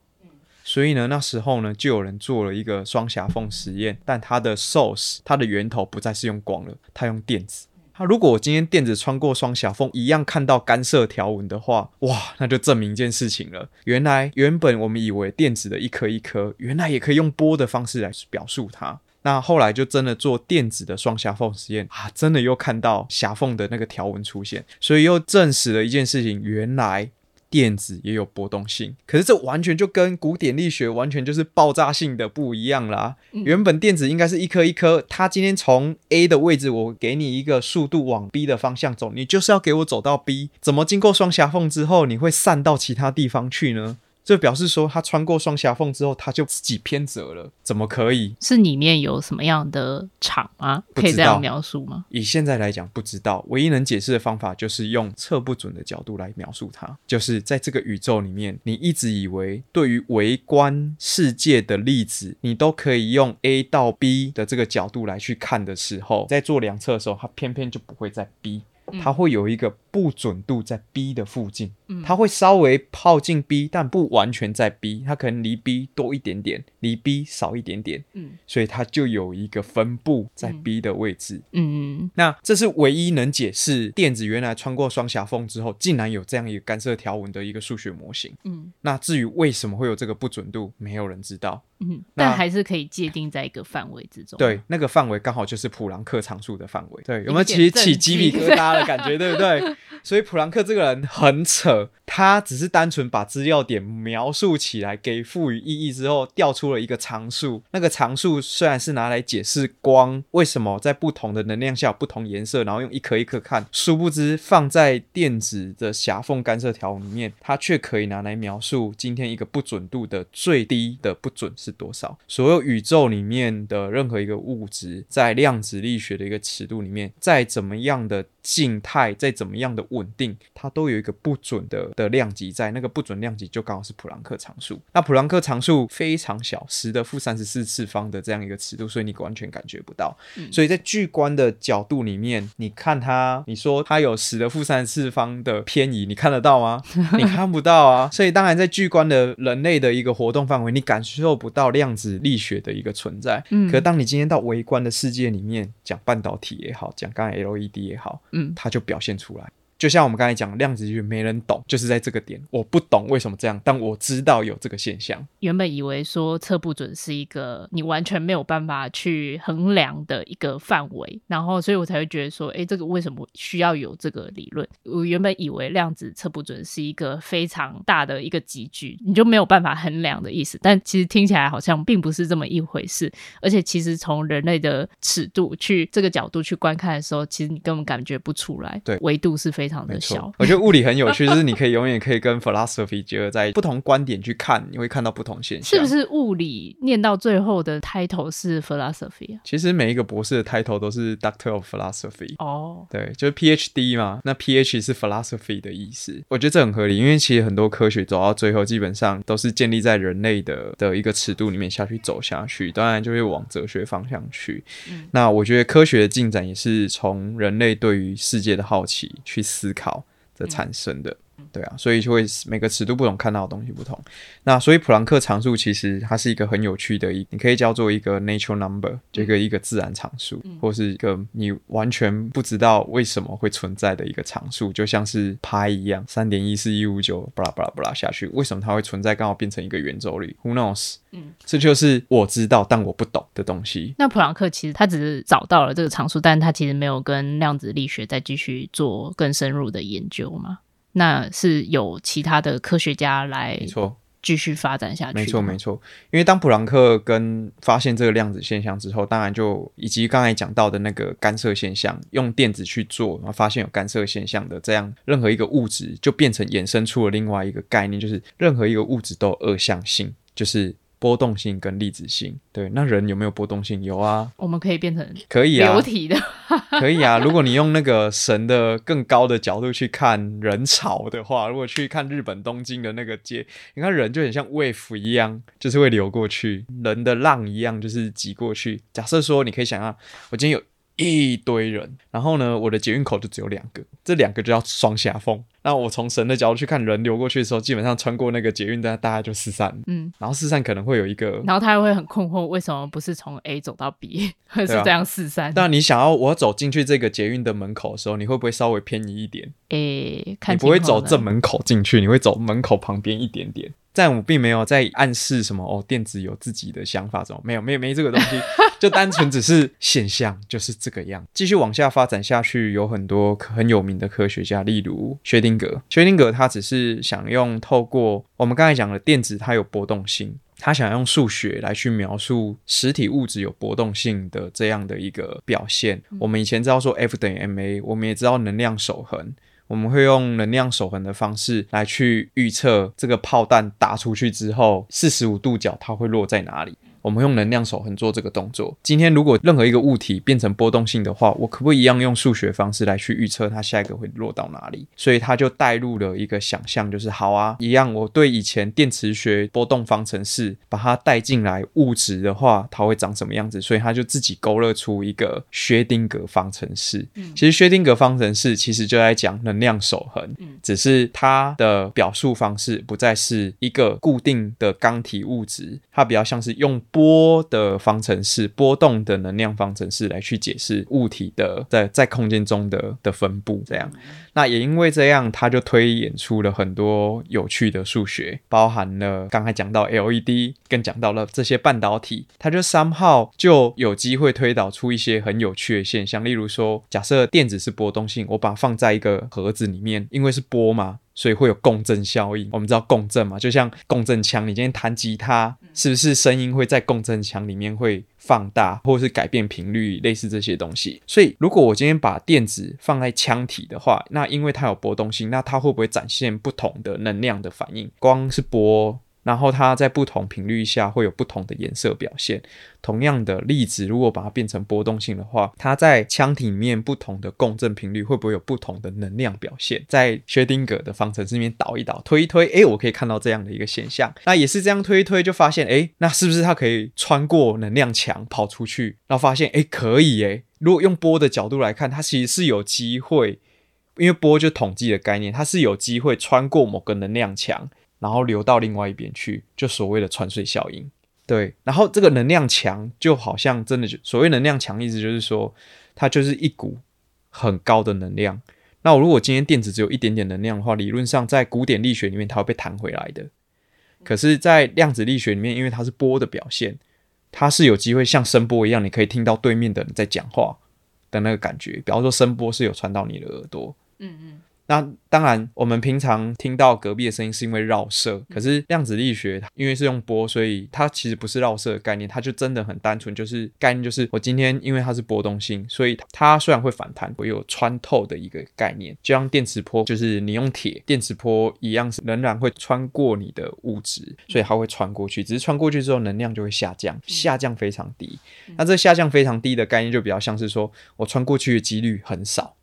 所以呢，那時候呢，就有人做了一個雙狹縫實驗，但它的 source，它的源頭不再是用光了，它用電子。它、啊、如果我今天電子穿過雙狹縫一樣看到干涉條紋的話，哇，那就證明一件事情了，原來原本我們以為電子的一顆一顆，原來也可以用波的方式來表述它。那後來就真的做電子的雙狹縫實驗啊，真的又看到狹縫的那個條紋出現，所以又證實了一件事情，原來，電子也有波動性，可是這完全就跟古典力學完全就是爆炸性的不一樣啦。嗯、原本電子應該是一顆一顆，它今天從 A 的位置，我給你一個速度往 B 的方向走，你就是要給我走到 B，怎麼經過雙狹縫之後你會散到其他地方去呢？這表示說，它穿過雙狹縫之後，它就自己偏折了，怎麼可以？是裡面有什麼樣的場嗎、啊？可以這樣描述嗎？以現在來講，不知道。唯一能解釋的方法就是用測不準的角度來描述它。就是在這個宇宙裡面，你一直以為對於微觀世界的粒子，你都可以用 A 到 B 的這個角度來去看的時候，在做量測的時候，它偏偏就不會在 B，、嗯、它會有一個不準度在 B 的附近。它會稍微靠近 B，但不完全在 B，它可能離 B 多一點點，離 B 少一點點，嗯，所以它就有一個分布在 B 的位置，嗯，嗯，那這是唯一能解釋電子原來穿過雙狹縫之後竟然有這樣一個干涉條紋的一個數學模型，嗯，那至於為什麼會有這個不準度，沒有人知道。嗯，那但還是可以界定在一個範圍之中，對，那個範圍剛好就是普朗克常數的範圍，對，有沒有起起雞皮疙瘩的感覺，對不對？ 所以普朗克這個人很扯。它只是單純把資料點描述起來，給賦予意義之後，調出了一個常數。那個常數雖然是拿來解釋光為什麼在不同的能量下不同顏色，然後用一顆一顆看。殊不知，放在電子的狹縫干涉條紋裡面，它卻可以拿來描述今天一個不準度的最低的不準是多少。所有宇宙裡面的任何一個物質，在量子力學的一個尺度裡面，在怎麼樣的，靜態再怎麼樣的穩定，它都有一個不準的的量級在，那個不準量級就剛好是普朗克常數。那普朗克常數非常小，十的負三十四次方的這樣一個尺度，所以你完全感覺不到。嗯、所以在巨觀的角度裡面，你看它，你說它有十的負三十四次方的偏移，你看得到嗎？ 你看不到啊。所以當然，在巨觀的人類的一個活動範圍，你感受不到量子力學的一個存在。嗯、可當你今天到微觀的世界裡面，講半導體也好，講剛才 LED 也好。嗯，它就表現出來。就像我們剛才講，量子就沒人懂，就是在這個點，我不懂為什麼這樣，但我知道有這個現象。原本以為說測不準是一個你完全沒有辦法去衡量的一個範圍，然後所以我才會覺得說，哎、欸，這個為什麼需要有這個理論？我原本以為量子測不準是一個非常大的一個集聚，你就沒有辦法衡量的意思。但其實聽起來好像並不是這麼一回事，而且其實從人類的尺度去這個角度去觀看的時候，其實你根本感覺不出來。對，維度是非常。沒錯，我覺得物理很有趣，就 是你可以永遠可以跟 philosophy 結合，在不同觀點去看，你會看到不同現象。是不是物理念到最後的 l 頭是 philosophy 啊？其實每一個博士的 l 頭都是 Doctor of Philosophy。哦，對，就是 PhD 嘛。那 p h 是 philosophy 的意思。我覺得這很合理，因為其實很多科學走到最後，基本上都是建立在人類的的一個尺度裡面下去走下去，當然就會往哲學方向去。嗯、那我覺得科學的進展也是從人類對於世界的好奇去思考。思考的產生的。嗯對啊，所以就會每個尺度不同，看到的東西不同。那所以普朗克常數其實它是一個很有趣的一，一你可以叫做一個 natural number，這個一個自然常數，嗯，或是一個你完全不知道為什麼會存在的一個常數，就像是派一樣，三點一四一五九，巴拉巴拉巴拉下去，為什麼它會存在？剛好變成一個圓周率，Who knows？嗯，這就是我知道但我不懂的東西。那普朗克其實他只是找到了這個常數，但他其實沒有跟量子力學再繼續做更深入的研究嗎？那是有其他的科學家來，沒錯，繼續發展下去的，沒錯沒錯。因為當普朗克跟發現這個量子現象之後，當然就以及剛才講到的那個干涉現象，用電子去做，然後發現有干涉現象的這樣，任何一個物質就變成衍生出了另外一個概念，就是任何一個物質都有二象性，就是。波動性跟粒子性，對，那人有沒有波動性？有啊，我們可以變成可以啊流體的，可以啊，流體的 可以啊。如果你用那個神的更高的角度去看人潮的話，如果去看日本東京的那個街，你看人就很像 wave 一樣，就是會流過去，人的浪一樣就是擠過去。假設說你可以想象，我今天有一堆人，然後呢，我的捷運口就只有兩個，這兩個就叫雙狹縫。那我從神的角度去看人流過去的時候，基本上穿過那個捷運站，大概就四散。嗯，然後四散可能會有一個，然後他又會很困惑，為什麼不是從 A 走到 B，會、啊、是這樣四散？但你想要我走進去這個捷運的門口的時候，你會不會稍微偏移一點？誒、欸，你不會走正門口進去，你會走門口旁邊一點點。但我並沒有在暗示什麼哦，電子有自己的想法，怎麼沒有？沒有？沒這個東西，就單純只是現象，就是這個樣。繼續往下發展下去，有很多很有名的科學家，例如薛丁格。薛丁格他只是想用透過我們剛才講的電子，它有波動性，他想用數學來去描述實體物質有波動性的這樣的一個表現。嗯、我們以前知道說 F 等於 M A，我們也知道能量守恆。我們會用能量守恆的方式來去預測這個炮彈打出去之後，四十五度角它會落在哪裡。我們用能量守恆做這個動作。今天如果任何一個物體變成波動性的話，我可不可以一樣用數學方式來去預測它下一個會落到哪裡？所以他就帶入了一個想象，就是好啊，一樣我對以前電磁學波動方程式把它帶進來物質的話，它會長什麼樣子？所以他就自己勾勒出一個薛丁格方程式。嗯，其實薛丁格方程式其實就在講能量守恆，嗯，只是它的表述方式不再是一個固定的剛體物質，它比較像是用，波的方程式，波動的能量方程式來去解釋物體的在在空間中的的分布，這樣，那也因為這樣，它就推演出了很多有趣的數學，包含了剛才講到 LED，跟講到了這些半導體，它就三號就有機會推導出一些很有趣的現象，例如說，假設電子是波動性，我把它放在一個盒子裡面，因為是波嘛。所以會有共振效應。我們知道共振嘛，就像共振腔，你今天彈吉他，是不是聲音會在共振腔裡面會放大，或是改變頻率，類似這些東西。所以，如果我今天把電子放在腔體的話，那因為它有波動性，那它會不會展現不同的能量的反應？光是波。然後它在不同頻率下會有不同的顏色表現。同樣的粒子，如果把它變成波動性的話，它在腔體裡面不同的共振頻率會不會有不同的能量表現？在薛丁格的方程式裡面導一導、推一推，哎，我可以看到這樣的一個現象。那也是這樣推一推就發現，哎，那是不是它可以穿過能量牆跑出去？然後發現，哎，可以，哎，如果用波的角度來看，它其實是有機會，因為波就統計的概念，它是有機會穿過某個能量牆。然後流到另外一邊去，就所謂的穿隧效應。對，然後這個能量強，就好像真的就所謂能量強，意思就是說它就是一股很高的能量。那我如果今天電子只有一點點能量的話，理論上在古典力學裡面它會被彈回來的。可是，在量子力學裡面，因為它是波的表現，它是有機會像聲波一樣，你可以聽到對面的人在講話的那個感覺，比方說聲波是有傳到你的耳朵。嗯嗯。那當然，我們平常聽到隔壁的聲音是因為繞射。可是量子力學它因為是用波，所以它其實不是繞射的概念，它就真的很單純，就是概念就是我今天因為它是波動性，所以它雖然會反彈，我有穿透的一個概念。就像電磁波，就是你用鐵電磁波一樣，仍然會穿過你的物質，所以它會穿過去。只是穿過去之後，能量就會下降，下降非常低。那這下降非常低的概念，就比較像是說我穿過去的幾率很少。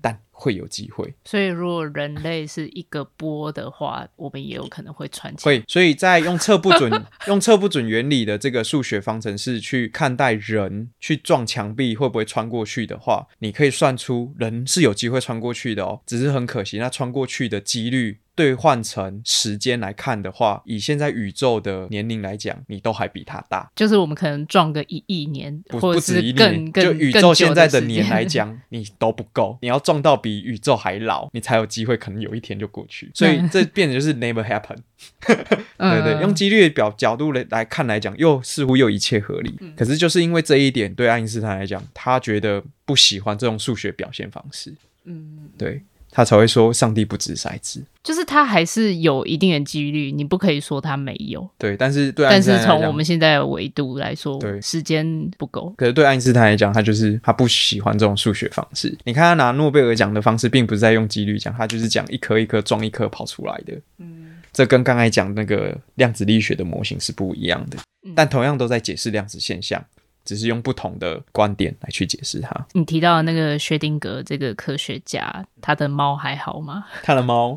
但會有機會。嗯，所以如果人類是一個波的話，我們也有可能會穿牆。會，所以在用測不準 用測不準原理的這個數學方程式去看待人去撞牆壁會不會穿過去的話，你可以算出人是有機會穿過去的哦，只是很可惜，那穿過去的幾率。兌換成時間來看的話，以現在宇宙的年齡來講，你都還比他大。就是我們可能撞個一億年不，或者是更，不止一年更就宇宙更現在的年來講，你都不夠。你要撞到比宇宙還老，你才有機會，可能有一天就過去。所以這變成就是 never happen。 對對，用幾率表角度來來看來講，又似乎又一切合理，嗯。可是就是因為這一點，對愛因斯坦來講，他覺得不喜歡這種數學表現方式。嗯，對。他才會說，上帝不擲骰子，就是他還是有一定的幾率，你不可以說他沒有。對，但是對愛因斯坦來講，但是從我們現在的維度來說，對時間不夠。可是對愛因斯坦來講，他就是他不喜歡這種數學方式。你看他拿諾貝爾獎的方式，並不是在用幾率講，他就是講一顆一顆撞一顆跑出來的。嗯，這跟剛才講那個量子力學的模型是不一樣的，嗯，但同樣都在解釋量子現象。只是用不同的觀點來去解釋它。你提到的那個薛定格，這個科學家，他的貓還好嗎？他的貓，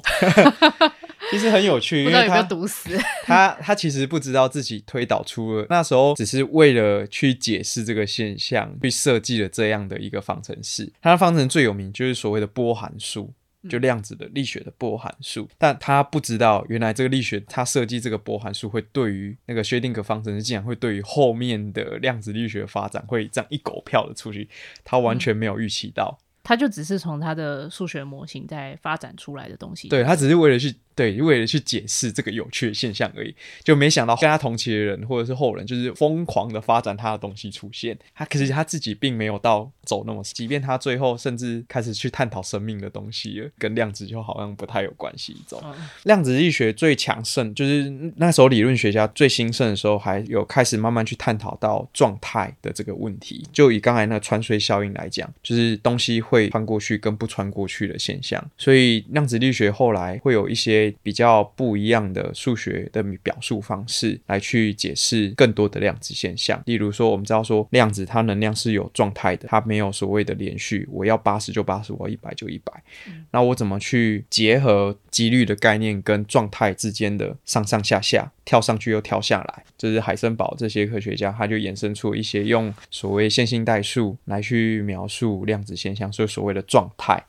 其實很有趣， 因為他毒死他，他其實不知道自己推導出了，那時候只是為了去解釋這個現象，去設計了這樣的一個方程式。他的方程最有名就是所謂的波函數，就量子的力學的波函數、嗯，但他不知道原來這個力學，他設計這個波函數會對於那個薛定諤方程式，竟然會對於後面的量子力學的發展會這樣一狗票的出去，他完全沒有預期到、嗯。他就只是從他的數學模型在發展出來的東西，對，他只是為了去。對，為了去解釋這個有趣的現象而已，就沒想到跟他同期的人或者是後人，就是瘋狂的發展他的東西出現。他可是他自己並沒有到走那麼，即便他最後甚至開始去探討生命的東西了，跟量子就好像不太有關係。走，嗯、量子力學最強盛就是那時候理論學家最興盛的時候，還有開始慢慢去探討到狀態的這個問題。就以剛才那個穿隧效應來講，就是東西會穿過去跟不穿過去的現象。所以量子力學後來會有一些。比較不一樣的數學的表述方式來去解釋更多的量子現象，例如說，我們知道說量子它能量是有狀態的，它沒有所謂的連續，我要八十就八十，我要一百就一百。嗯。那我怎麼去結合幾率的概念跟狀態之間的上上下下跳上去又跳下來？這、就是海森堡這些科學家，他就衍生出一些用所謂線性代數來去描述量子現象，所以所謂的狀態。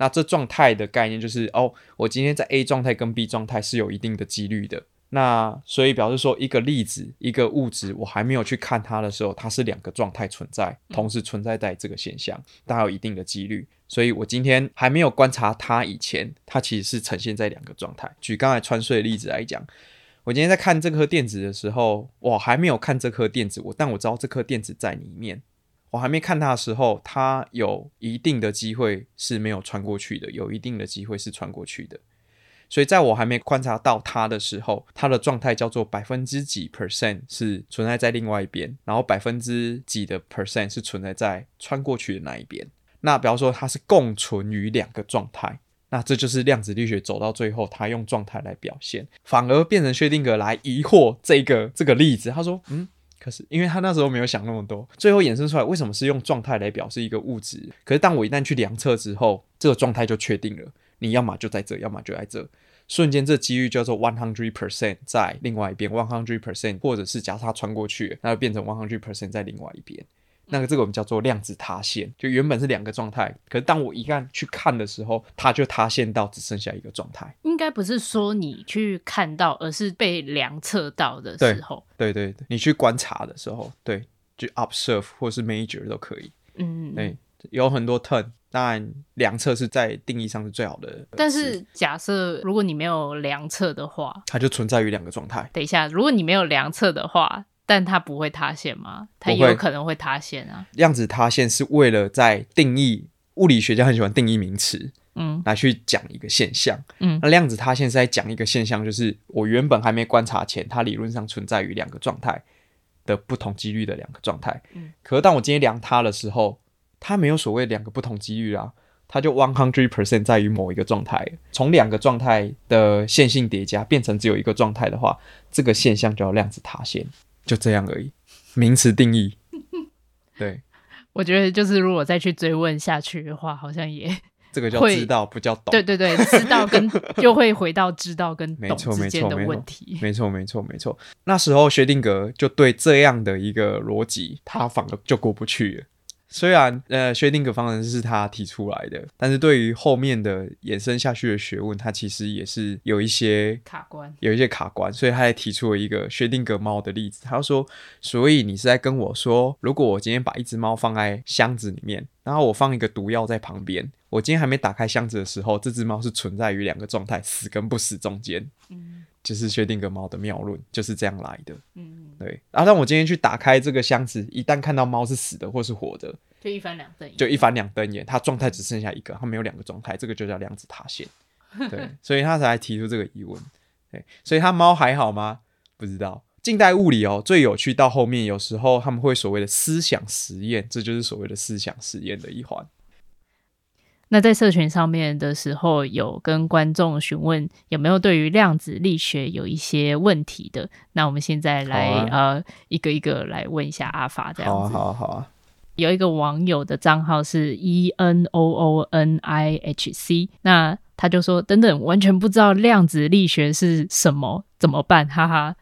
那這狀態的概念就是哦，我今天在 A 狀態跟 B 狀態是有一定的幾率的。那所以表示說，一個粒子、一個物質，我還沒有去看它的時候，它是兩個狀態存在，同時存在在這個現象，但有一定的幾率。所以我今天還沒有觀察它以前，它其實是呈現在兩個狀態。舉剛才穿隧的例子來講，我今天在看這顆電子的時候，我還沒有看這顆電子，我但我知道這顆電子在裡面。我還沒看它的時候，它有一定的機會是沒有穿過去的，有一定的機會是穿過去的。所以在我還沒觀察到它的時候，它的狀態叫做百分之幾 percent 是存在在另外一邊，然後百分之幾的 percent 是存在在穿過去的那一邊。那比方說，它是共存於兩個狀態。那這就是量子力學走到最後，它用狀態來表現，反而變成薛定諤來疑惑這個這個例子。他說，嗯。可是，因為他那時候沒有想那麼多，最後衍生出來為什麼是用狀態來表示一個物質？可是，當我一旦去量測之後，這個狀態就確定了，你要麼就在這，要麼就在這，瞬間這機率叫做 one hundred percent 在另外一邊，one hundred percent，或者是假設它穿過去，那就變成 one hundred percent 在另外一邊。那個這個我們叫做量子塌陷，就原本是兩個狀態，可是當我一旦去看的時候，它就塌陷到只剩下一個狀態。應該不是說你去看到，而是被量測到的時候。對，對對對，你去觀察的時候，對，就 observe 或是 measure 都可以。嗯，對，有很多 turn。當然，量測是在定義上是最好的。但是假設如果你沒有量測的話，它就存在於兩個狀態。等一下，如果你沒有量測的話。但它不會塌陷嗎？它有可能會塌陷啊！量子塌陷是為了在定義，物理學家很喜歡定義名詞，嗯，來去講一個現象，嗯，那量子塌陷是在講一個現象，就是我原本還沒觀察前，它理論上存在於兩個狀態的不同幾率的兩個狀態，嗯，可是當我今天量它的時候，它沒有所謂兩個不同幾率啊，它就 one hundred percent 在於某一個狀態，從兩個狀態的線性疊加變成只有一個狀態的話，這個現象叫量子塌陷。就這樣而已，名詞定義。對， 我覺得就是如果再去追問下去的話，好像也這個叫知道，不叫懂。對對對，知道跟 就會回到知道跟懂之間的問題。沒錯沒錯沒錯，那時候薛定諤就對這樣的一個邏輯，他反而就過不去了。嗯雖然呃，薛定格方程是他提出來的，但是對於後面的衍生下去的學問，他其實也是有一些卡關，有一些卡關，所以他還提出了一個薛定格貓的例子。他說：“所以你是在跟我說，如果我今天把一隻貓放在箱子裡面，然後我放一個毒藥在旁邊，我今天還沒打開箱子的時候，這隻貓是存在於兩個狀態，死跟不死中間。”嗯。就是薛定諤貓的謬論就是這樣來的，嗯，對。然、啊、後我今天去打開這個箱子，一旦看到貓是死的或是活的，就一翻兩瞪眼，就一翻兩瞪眼，它狀態只剩下一個，它沒有兩個狀態，這個就叫量子塌陷，對， 所以他才提出這個疑問，對，所以他貓還好嗎？不知道。近代物理哦，最有趣到後面，有時候他們會所謂的思想實驗，這就是所謂的思想實驗的一環。那在社群上面的時候，有跟觀眾詢問有沒有對於量子力學有一些問題的，那我們現在來、啊、呃一個一個來問一下阿發這樣子。好啊，好啊，好啊。有一個網友的賬號是 E N O O N I H C，那他就說：等等，完全不知道量子力學是什麼，怎麼辦？哈哈。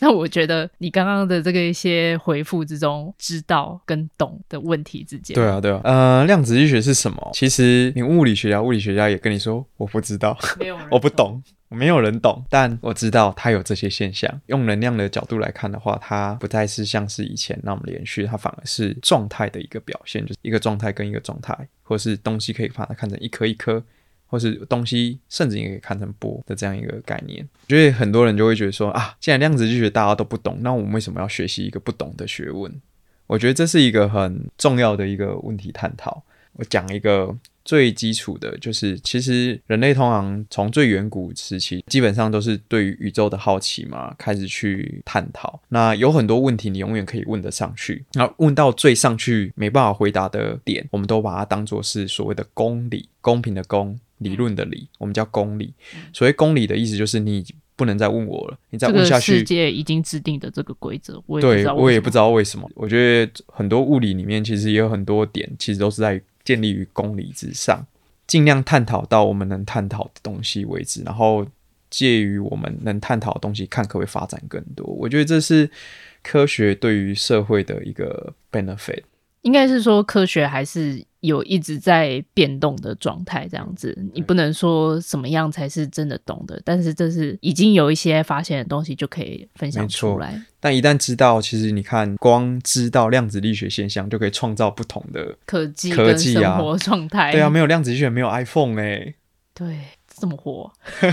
那我覺得你剛剛的這個一些回復之中，知道跟懂的問題之間，對啊，對啊，呃，量子力學是什麼？其實你物理學家，物理學家也跟你說，我不知道，沒有人我不懂，我沒有人懂。但我知道它有這些現象。用能量的角度來看的話，它不再是像是以前那麼連續，它反而是狀態的一個表現，就是一個狀態跟一個狀態，或是東西可以把它看成一顆一顆。或是東西，甚至也可以看成波的這樣一個概念，所以很多人就會覺得說啊，既然量子力學大家都不懂，那我們為什麼要學習一個不懂的學問？我覺得這是一個很重要的一個問題探討。我講一個。最基礎的就是，其實人類通常從最遠古時期，基本上都是對於宇宙的好奇嘛，開始去探討。那有很多問題，你永遠可以問得上去。那問到最上去沒辦法回答的點，我們都把它當作是所謂的公理，公平的公，理論的理，我們叫公理。所謂公理的意思就是你不能再問我了，你再問下去，這個世界已經制定的這個規則，我也不知道。對，我也不知道為什麼。我覺得很多物理裡面其實也有很多點，其實都是在。建立於公理之上，盡量探討到我們能探討的東西為止，然後介於我們能探討的東西，看可不可以發展更多。我覺得這是科學對於社會的一個 benefit。應該是說科學還是。有一直在變動的狀態，這樣子你不能說什麼樣才是真的懂的，但是這是已經有一些發現的東西就可以分享出來。但一旦知道，其實你看，光知道量子力學現象就可以創造不同的科技跟生活狀態、科技跟生活狀態。對啊，沒有量子力學，沒有 iPhone 哎、欸。對，怎麼活？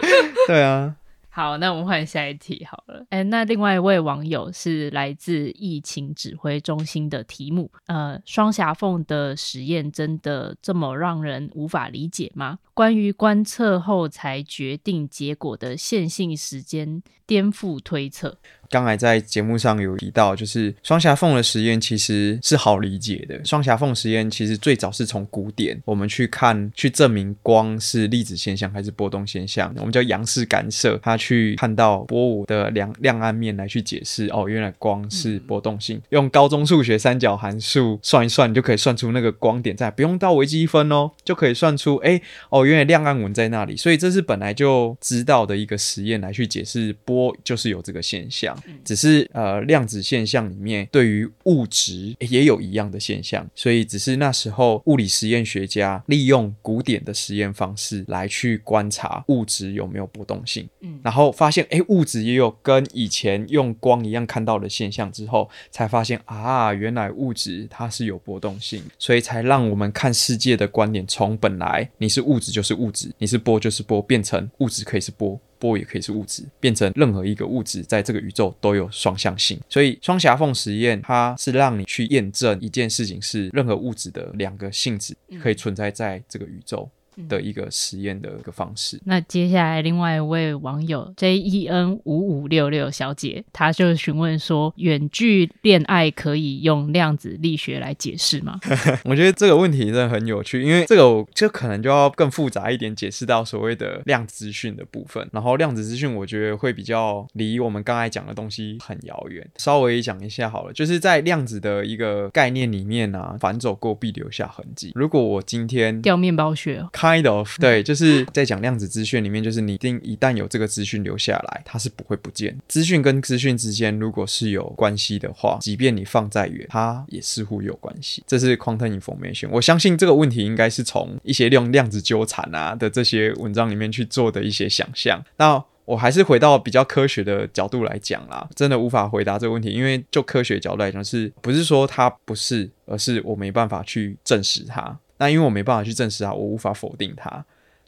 對啊。好，那我們換下一題好了。哎、欸，那另外一位網友是來自疫情指揮中心的題目，呃，雙狹縫的實驗真的這麼讓人無法理解嗎？關於觀測後才決定結果的線性時間顛覆推測。剛才在節目上有提到，就是雙狹縫的實驗其實是好理解的。雙狹縫實驗其實最早是從古典我們去看，去證明光是粒子現象還是波動現象。我們叫楊氏干涉，它去看到波的亮亮暗面來去解釋哦，原來光是波動性。嗯、用高中數學三角函數算一算，你就可以算出那個光點在，再來不用到微積分哦，就可以算出誒、欸、哦，原來亮暗紋在那裡。所以這是本來就知道的一個實驗來去解釋波就是有這個現象。只是呃，量子現象裡面對於物質、欸、也有一樣的現象，所以只是那時候物理實驗學家利用古典的實驗方式來去觀察物質有沒有波動性，然後發現誒、欸，物質也有跟以前用光一樣看到的現象之後，才發現啊，原來物質它是有波動性，所以才讓我們看世界的觀點從本來你是物質就是物質，你是波就是波，變成物質可以是波，波也可以是物質，變成任何一個物質，在這個宇宙都有雙向性。所以雙狹縫實驗，它是讓你去驗證一件事情，是任何物質的兩個性質可以存在在這個宇宙，的一個實驗的一個方式、嗯。那接下來另外一位網友 JEN 五五六六小姐，她就詢問說：遠距戀愛可以用量子力學來解釋嗎？ 我覺得這個問題真的很有趣，因為這個我就可能就要更複雜一點，解釋到所謂的量子資訊的部分。然後量子資訊，我覺得會比較離我們剛才講的東西很遙遠。稍微講一下好了，就是在量子的一個概念裡面呢、啊，凡走過必留下痕跡。如果我今天掉麵包屑。Kind of，對，就是在講量子資訊裡面，就是你一定一旦有這個資訊留下來，它是不會不見。資訊跟資訊之間，如果是有關係的話，即便你放再遠，它也似乎有關係。這是 Quantum Information。我相信這個問題應該是從一些用量、量子糾纏啊的這些文章裡面去做的一些想象。那我還是回到比較科學的角度來講啦，真的無法回答這個問題，因為就科學角度來講，是不是說它不是，而是我沒辦法去證實它。但因為我沒辦法去證實啊，我無法否定它。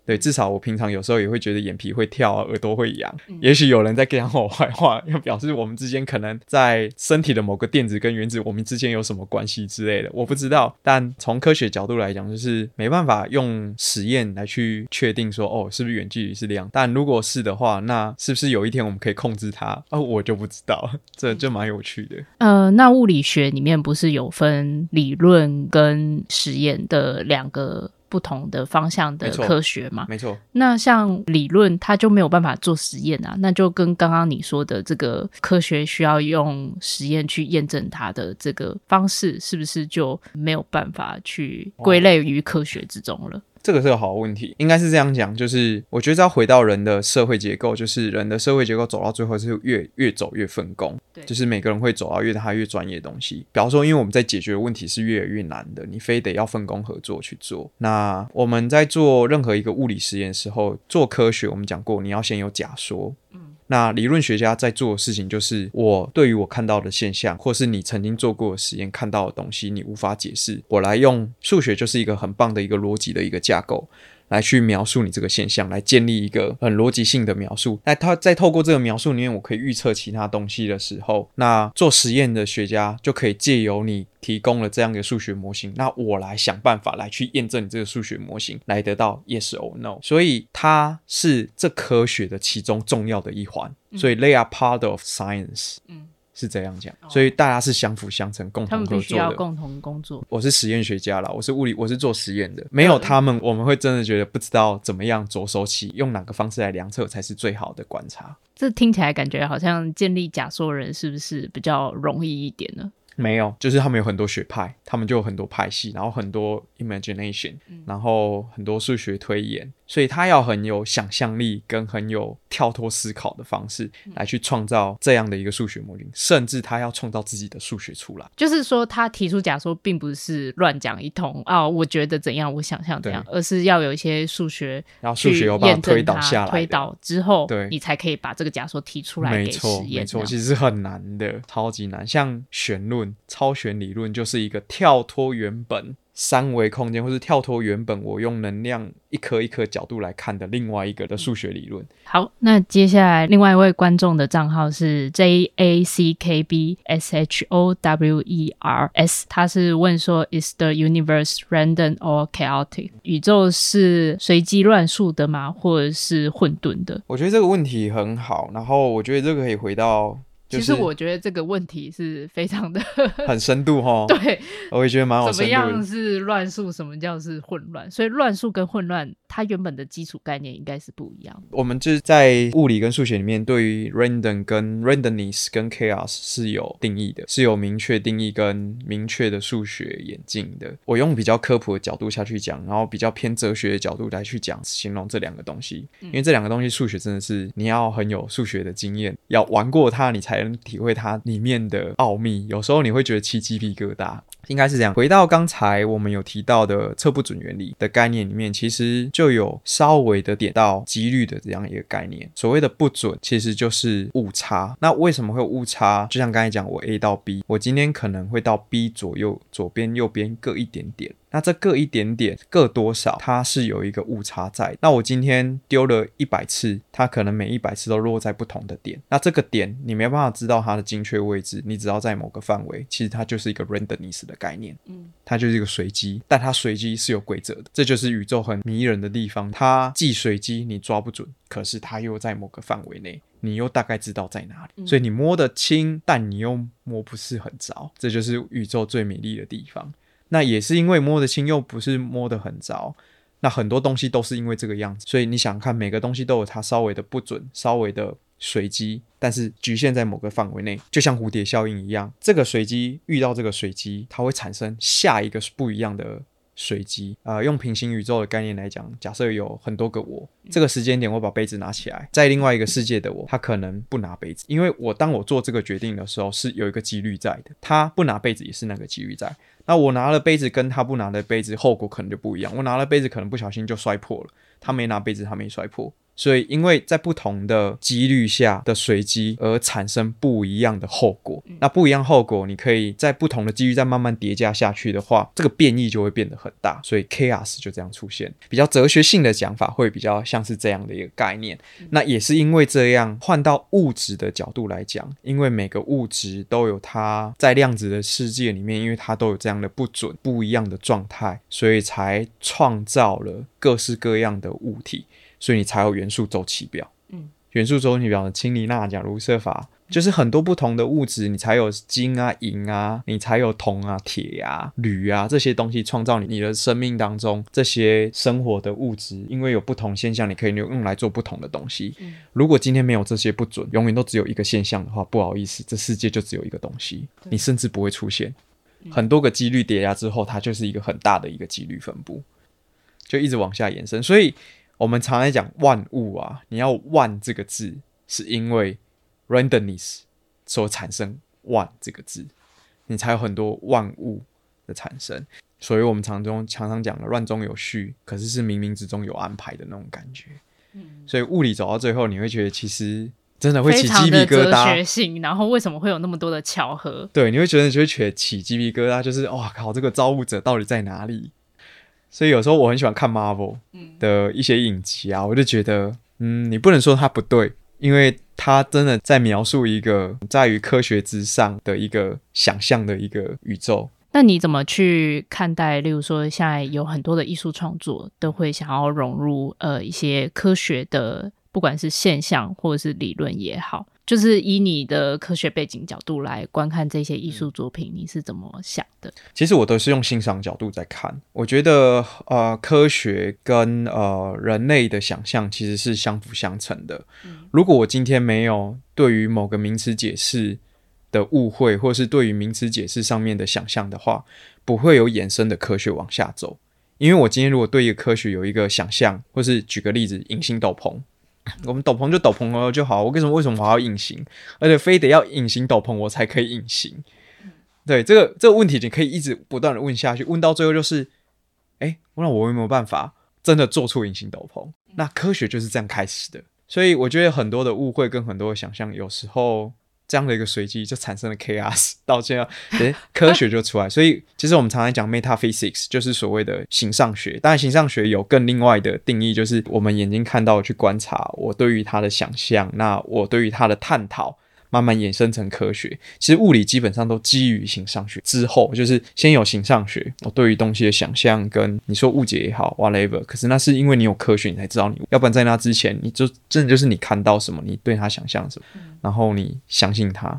對，至少我平常有時候也會覺得眼皮會跳啊，耳朵會癢、嗯。也許有人在講我壞話，要表示我們之間可能在身體的某個電子跟原子，我們之間有什麼關係之類的，我不知道。但從科學角度來講，就是沒辦法用實驗來去確定說，哦，是不是遠距離是這樣？但如果是的話，那是不是有一天我們可以控制它？哦、啊，我就不知道，這就蠻有趣的。呃，那物理學裡面不是有分理論跟實驗的兩個？不同的方向的科學嘛，沒錯。那像理論，它就沒有辦法做實驗啊。那就跟剛剛你說的這個科學需要用實驗去驗證它的這個方式，是不是就沒有辦法去歸類於科學之中了？哦這個是個好的問題，應該是這樣講，就是我覺得要回到人的社會結構，就是人的社會結構走到最後是越越走越分工，對，就是每個人會走到越他越專業的東西。比方說，因為我們在解決問題是越來越難的，你非得要分工合作去做。那我們在做任何一個物理實驗的時候，做科學，我們講過，你要先有假說。嗯那理論學家在做的事情，就是我對於我看到的現象，或是你曾經做過的實驗看到的東西，你無法解釋，我來用數學，就是一個很棒的一個邏輯的一個架構。來去描述你這個現象，來建立一個很邏輯性的描述。那它在透過這個描述裡面，我可以預測其他東西的時候，那做實驗的學家就可以借由你提供了這樣一個數學模型，那我來想辦法來去驗證你這個數學模型，來得到 yes or no。所以它是這科學的其中重要的一環。嗯。所以 they are part of science。嗯。是這樣講，所以大家是相輔相成，共同工作。他要共同工作。我是實驗學家啦，我是物理，我是做實驗的。沒有他們，我們會真的覺得不知道怎麼樣着手起，用哪個方式來量測才是最好的觀察。這聽起來感覺好像建立假說人是不是比較容易一點呢？沒有，就是他們有很多學派，他們就有很多派系，然後很多 imagination，然後很多數學推演。所以他要很有想象力跟很有跳脫思考的方式來去創造這樣的一個數學模型，嗯，甚至他要創造自己的數學出來。就是說，他提出假說並不是亂講一通啊，哦，我覺得怎樣，我想象怎樣，而是要有一些數學數學把它推導下來，推導之後，你才可以把這個假說提出來給實驗。沒錯，沒錯，其實很難的，超級難。像弦論、超弦理論就是一個跳脫原本。三維空間，或是跳脫原本我用能量一顆一顆角度來看的另外一個的數學理論。嗯。好，那接下來另外一位觀眾的賬號是 J A C K B S H O W E R S，他是問說：Is the universe random or chaotic？宇宙是隨機亂數的嗎，或者是混沌的？我覺得這個問題很好，然後我覺得這個可以回到。就是、其實我覺得這個問題是非常的 很深度齁，對，我也覺得蠻好的，怎麼樣是亂數，什麼叫是混亂？所以亂數跟混亂。它原本的基礎概念應該是不一樣的。我們就是在物理跟數學裡面，對於 random、跟 randomness、跟 chaos 是有定義的，是有明確定義跟明確的數學演繹的。我用比較科普的角度下去講，然後比較偏哲學的角度來去講形容這兩個東西，嗯、因為這兩個東西數學真的是你要很有數學的經驗，要玩過它，你才能體會它裡面的奧秘。有時候你會覺得起雞皮疙瘩。應該是這樣。回到剛才我們有提到的測不準原理的概念裡面，其實就有稍微的點到幾率的這樣一個概念。所謂的不準，其實就是誤差。那為什麼會誤差？就像剛才講，我 A 到 B，我今天可能會到 B 左右，左邊、右邊各一點點。那這各一點點，各多少，它是有一個誤差在。那我今天丟了一百次，它可能每一百次都落在不同的點。那這個點你沒辦法知道它的精確位置，你只要在某個範圍，其實它就是一個 randomness 的概念。嗯，它就是一個隨機，但它隨機是有規則的。這就是宇宙很迷人的地方，它既隨機你抓不準，可是它又在某個範圍內，你又大概知道在哪裡。嗯。所以你摸得清，但你又摸不是很着，這就是宇宙最美麗的地方。那也是因為摸得清又不是摸得很着，那很多東西都是因為這個樣子，所以你想看每個東西都有它稍微的不準，稍微的隨機，但是局限在某個範圍內，就像蝴蝶效應一樣，這個隨機遇到這個隨機，它會產生下一個不一樣的。隨機啊，用平行宇宙的概念來講，假設有很多個我，這個時間點我把杯子拿起來，在另外一個世界的我，他可能不拿杯子，因為我當我做這個決定的時候，是有一個幾率在的，他不拿杯子也是那個幾率在。那我拿了杯子跟他不拿的杯子，後果可能就不一樣。我拿了杯子可能不小心就摔破了，他沒拿杯子，他沒摔破。所以，因為在不同的機率下的隨機而產生不一樣的後果。那不一樣後果，你可以在不同的機率再慢慢疊加下去的話，這個變異就會變得很大。所以 chaos 就這樣出現。比較哲學性的講法，會比較像是這樣的一個概念。那也是因為這樣，換到物質的角度來講，因為每個物質都有它在量子的世界裡面，因為它都有這樣的不准不一樣的狀態，所以才創造了各式各樣的物體。所以你才有元素週期表，嗯，元素週期表的氫、鋰、鈉、鉀、銣、銫、鈁，就是很多不同的物質，你才有金啊、銀啊，你才有銅啊、鐵啊、鋁啊，啊這些東西，創造你你的生命當中這些生活的物質，因為有不同現象，你可以用用來做不同的東西，嗯。如果今天沒有這些不準，永遠都只有一個現象的話，不好意思，這世界就只有一個東西，你甚至不會出現。嗯、很多個幾率疊加之後，它就是一個很大的一個幾率分布，就一直往下延伸，所以。我們常來講萬物啊，你要“萬”這個字，是因為 randomness 所產生“萬”這個字，你才有很多萬物的產生。所以我們常中常常講的亂中有序，可是是冥冥之中有安排的那種感覺。嗯、所以物理走到最後，你會覺得其實真的會起雞皮疙瘩。非常的哲學性，然後為什麼會有那麼多的巧合？對，你會覺得你就會覺得起雞皮疙瘩，就是哇靠，這個造物者到底在哪裡？所以有時候我很喜歡看 Marvel 的一些影集啊，嗯，我就覺得，嗯，你不能說它不對，因為它真的在描述一個在於科學之上的一個想象的一個宇宙。那你怎麼去看待，例如說現在有很多的藝術創作都會想要融入呃一些科學的，不管是現象或者是理論也好？就是以你的科學背景角度來觀看這些藝術作品，嗯，你是怎麼想的？其實我都是用欣賞角度在看。我覺得呃，科學跟呃人類的想象其實是相輔相成的，嗯。如果我今天沒有對於某個名詞解釋的誤會，或是對於名詞解釋上面的想象的話，不會有衍生的科學往下走。因為我今天如果對一個科學有一個想象，或是舉個例子，隱形斗篷。 我們斗篷就斗篷了就好，我為什麼為什麼還要隱形？而且非得要隱形斗篷我才可以隱形？對，這個這個問題你可以一直不斷的問下去，問到最後就是，哎、欸，那我有沒有辦法真的做出隱形斗篷？那科學就是這樣開始的。所以我覺得很多的誤會跟很多的想象有時候。這樣的一個隨機就產生了 chaos 到這樣，哎，科學就出來。 所以，其實我們常常講 metaphysics，就是所謂的形上學。當然，形上學有更另外的定義，就是我們眼睛看到去觀察，我對於它的想象，那我對於它的探討。慢慢衍生成科學，其實物理基本上都基於形上學之後，就是先有形上學，我對於東西的想象跟你說誤解也好，whatever。可是那是因為你有科學，你才知道你，要不然在那之前，你就真的就是你看到什麼，你對它想象什麼、嗯，然後你相信它，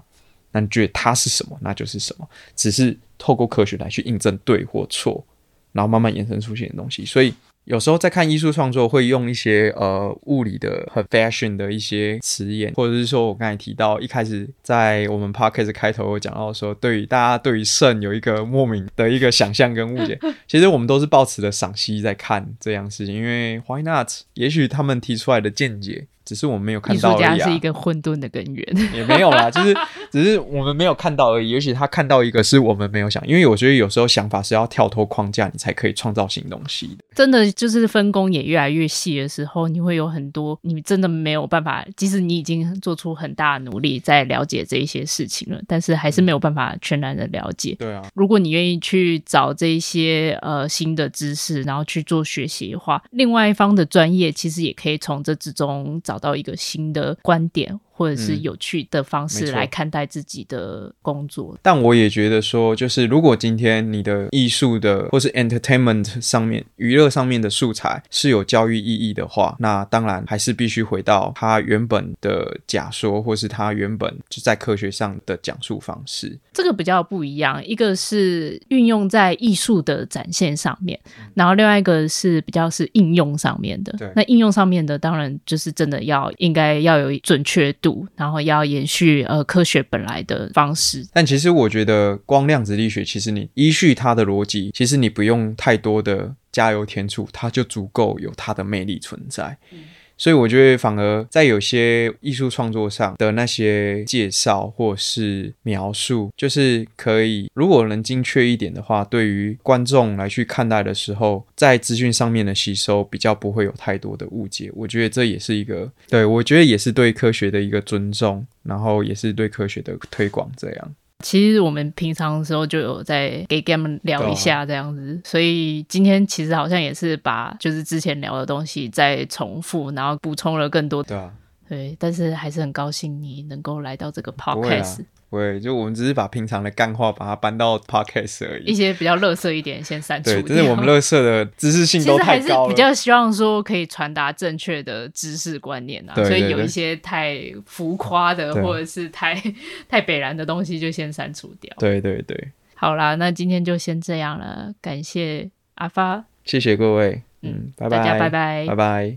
那你覺得它是什麼，那就是什麼。只是透過科學來去印證對或錯，然後慢慢衍生出現的東西。所以。有時候在看藝術創作，會用一些呃物理的和 fashion 的一些詞眼，或者是說我剛才提到一開始在我們 podcast 開頭有講到說，對於大家對於腎有一個莫名的一個想象跟誤解， 其實我們都是抱持的賞析在看這樣事情，因為 why not？也許他們提出來的見解。只是我們沒有看到而已。啊，藝術家是一個混沌的根源。 也沒有啦，就是只是我們沒有看到而已。也許他看到一個是我們沒有想，因為我覺得有時候想法是要跳脫框架，你才可以創造新東西的。真的就是分工也越來越細的時候，你會有很多你真的沒有辦法，即使你已經做出很大的努力在了解這一些事情了，但是還是沒有辦法全然的了解。嗯、對啊，如果你願意去找這一些呃新的知識，然後去做學習的話，另外一方的專業其實也可以從這之中找找到一個新的觀點，或者是有趣的方式、嗯、來看待自己的工作，但我也覺得說，就是如果今天你的藝術的或是 entertainment 上面娛樂上面的素材是有教育意義的話，那當然還是必須回到它原本的假說，或是它原本就在科學上的講述方式。這個比較不一樣，一個是運用在藝術的展現上面、嗯，然後另外一個是比較是應用上面的。對，那應用上面的當然就是真的要應該要有準確。然後要延續呃科學本來的方式，但其實我覺得光量子力學，其實你依據它的邏輯，其實你不用太多的加油添醋，它就足夠有它的魅力存在。嗯所以我覺得，反而在有些藝術創作上的那些介紹或是描述，就是可以，如果能精確一點的話，對於觀眾來去看待的時候，在資訊上面的吸收比較不會有太多的誤解。我覺得這也是一個，對，我覺得也是對科學的一個尊重，然後也是對科學的推廣這樣。其實我們平常的時候就有在給 Game 聊一下這樣子。啊，所以今天其實好像也是把就是之前聊的東西再重複，然後補充了更多的。對、啊、對，但是還是很高興你能夠來到這個 podcast。對，就我們只是把平常的幹話把它搬到 Podcast 而已。一些比較垃圾一點先刪，先刪除。對，但是我們垃圾的知識性都太高了。 其實還是比較希望說可以傳達正確的知識觀念啊，對對對，所以有一些太浮誇的或者是太，對對對 太北然的東西就先刪除掉。對，對對對。好啦，那今天就先這樣了，感謝阿發，謝謝各位，嗯，拜拜，大家拜拜，拜拜。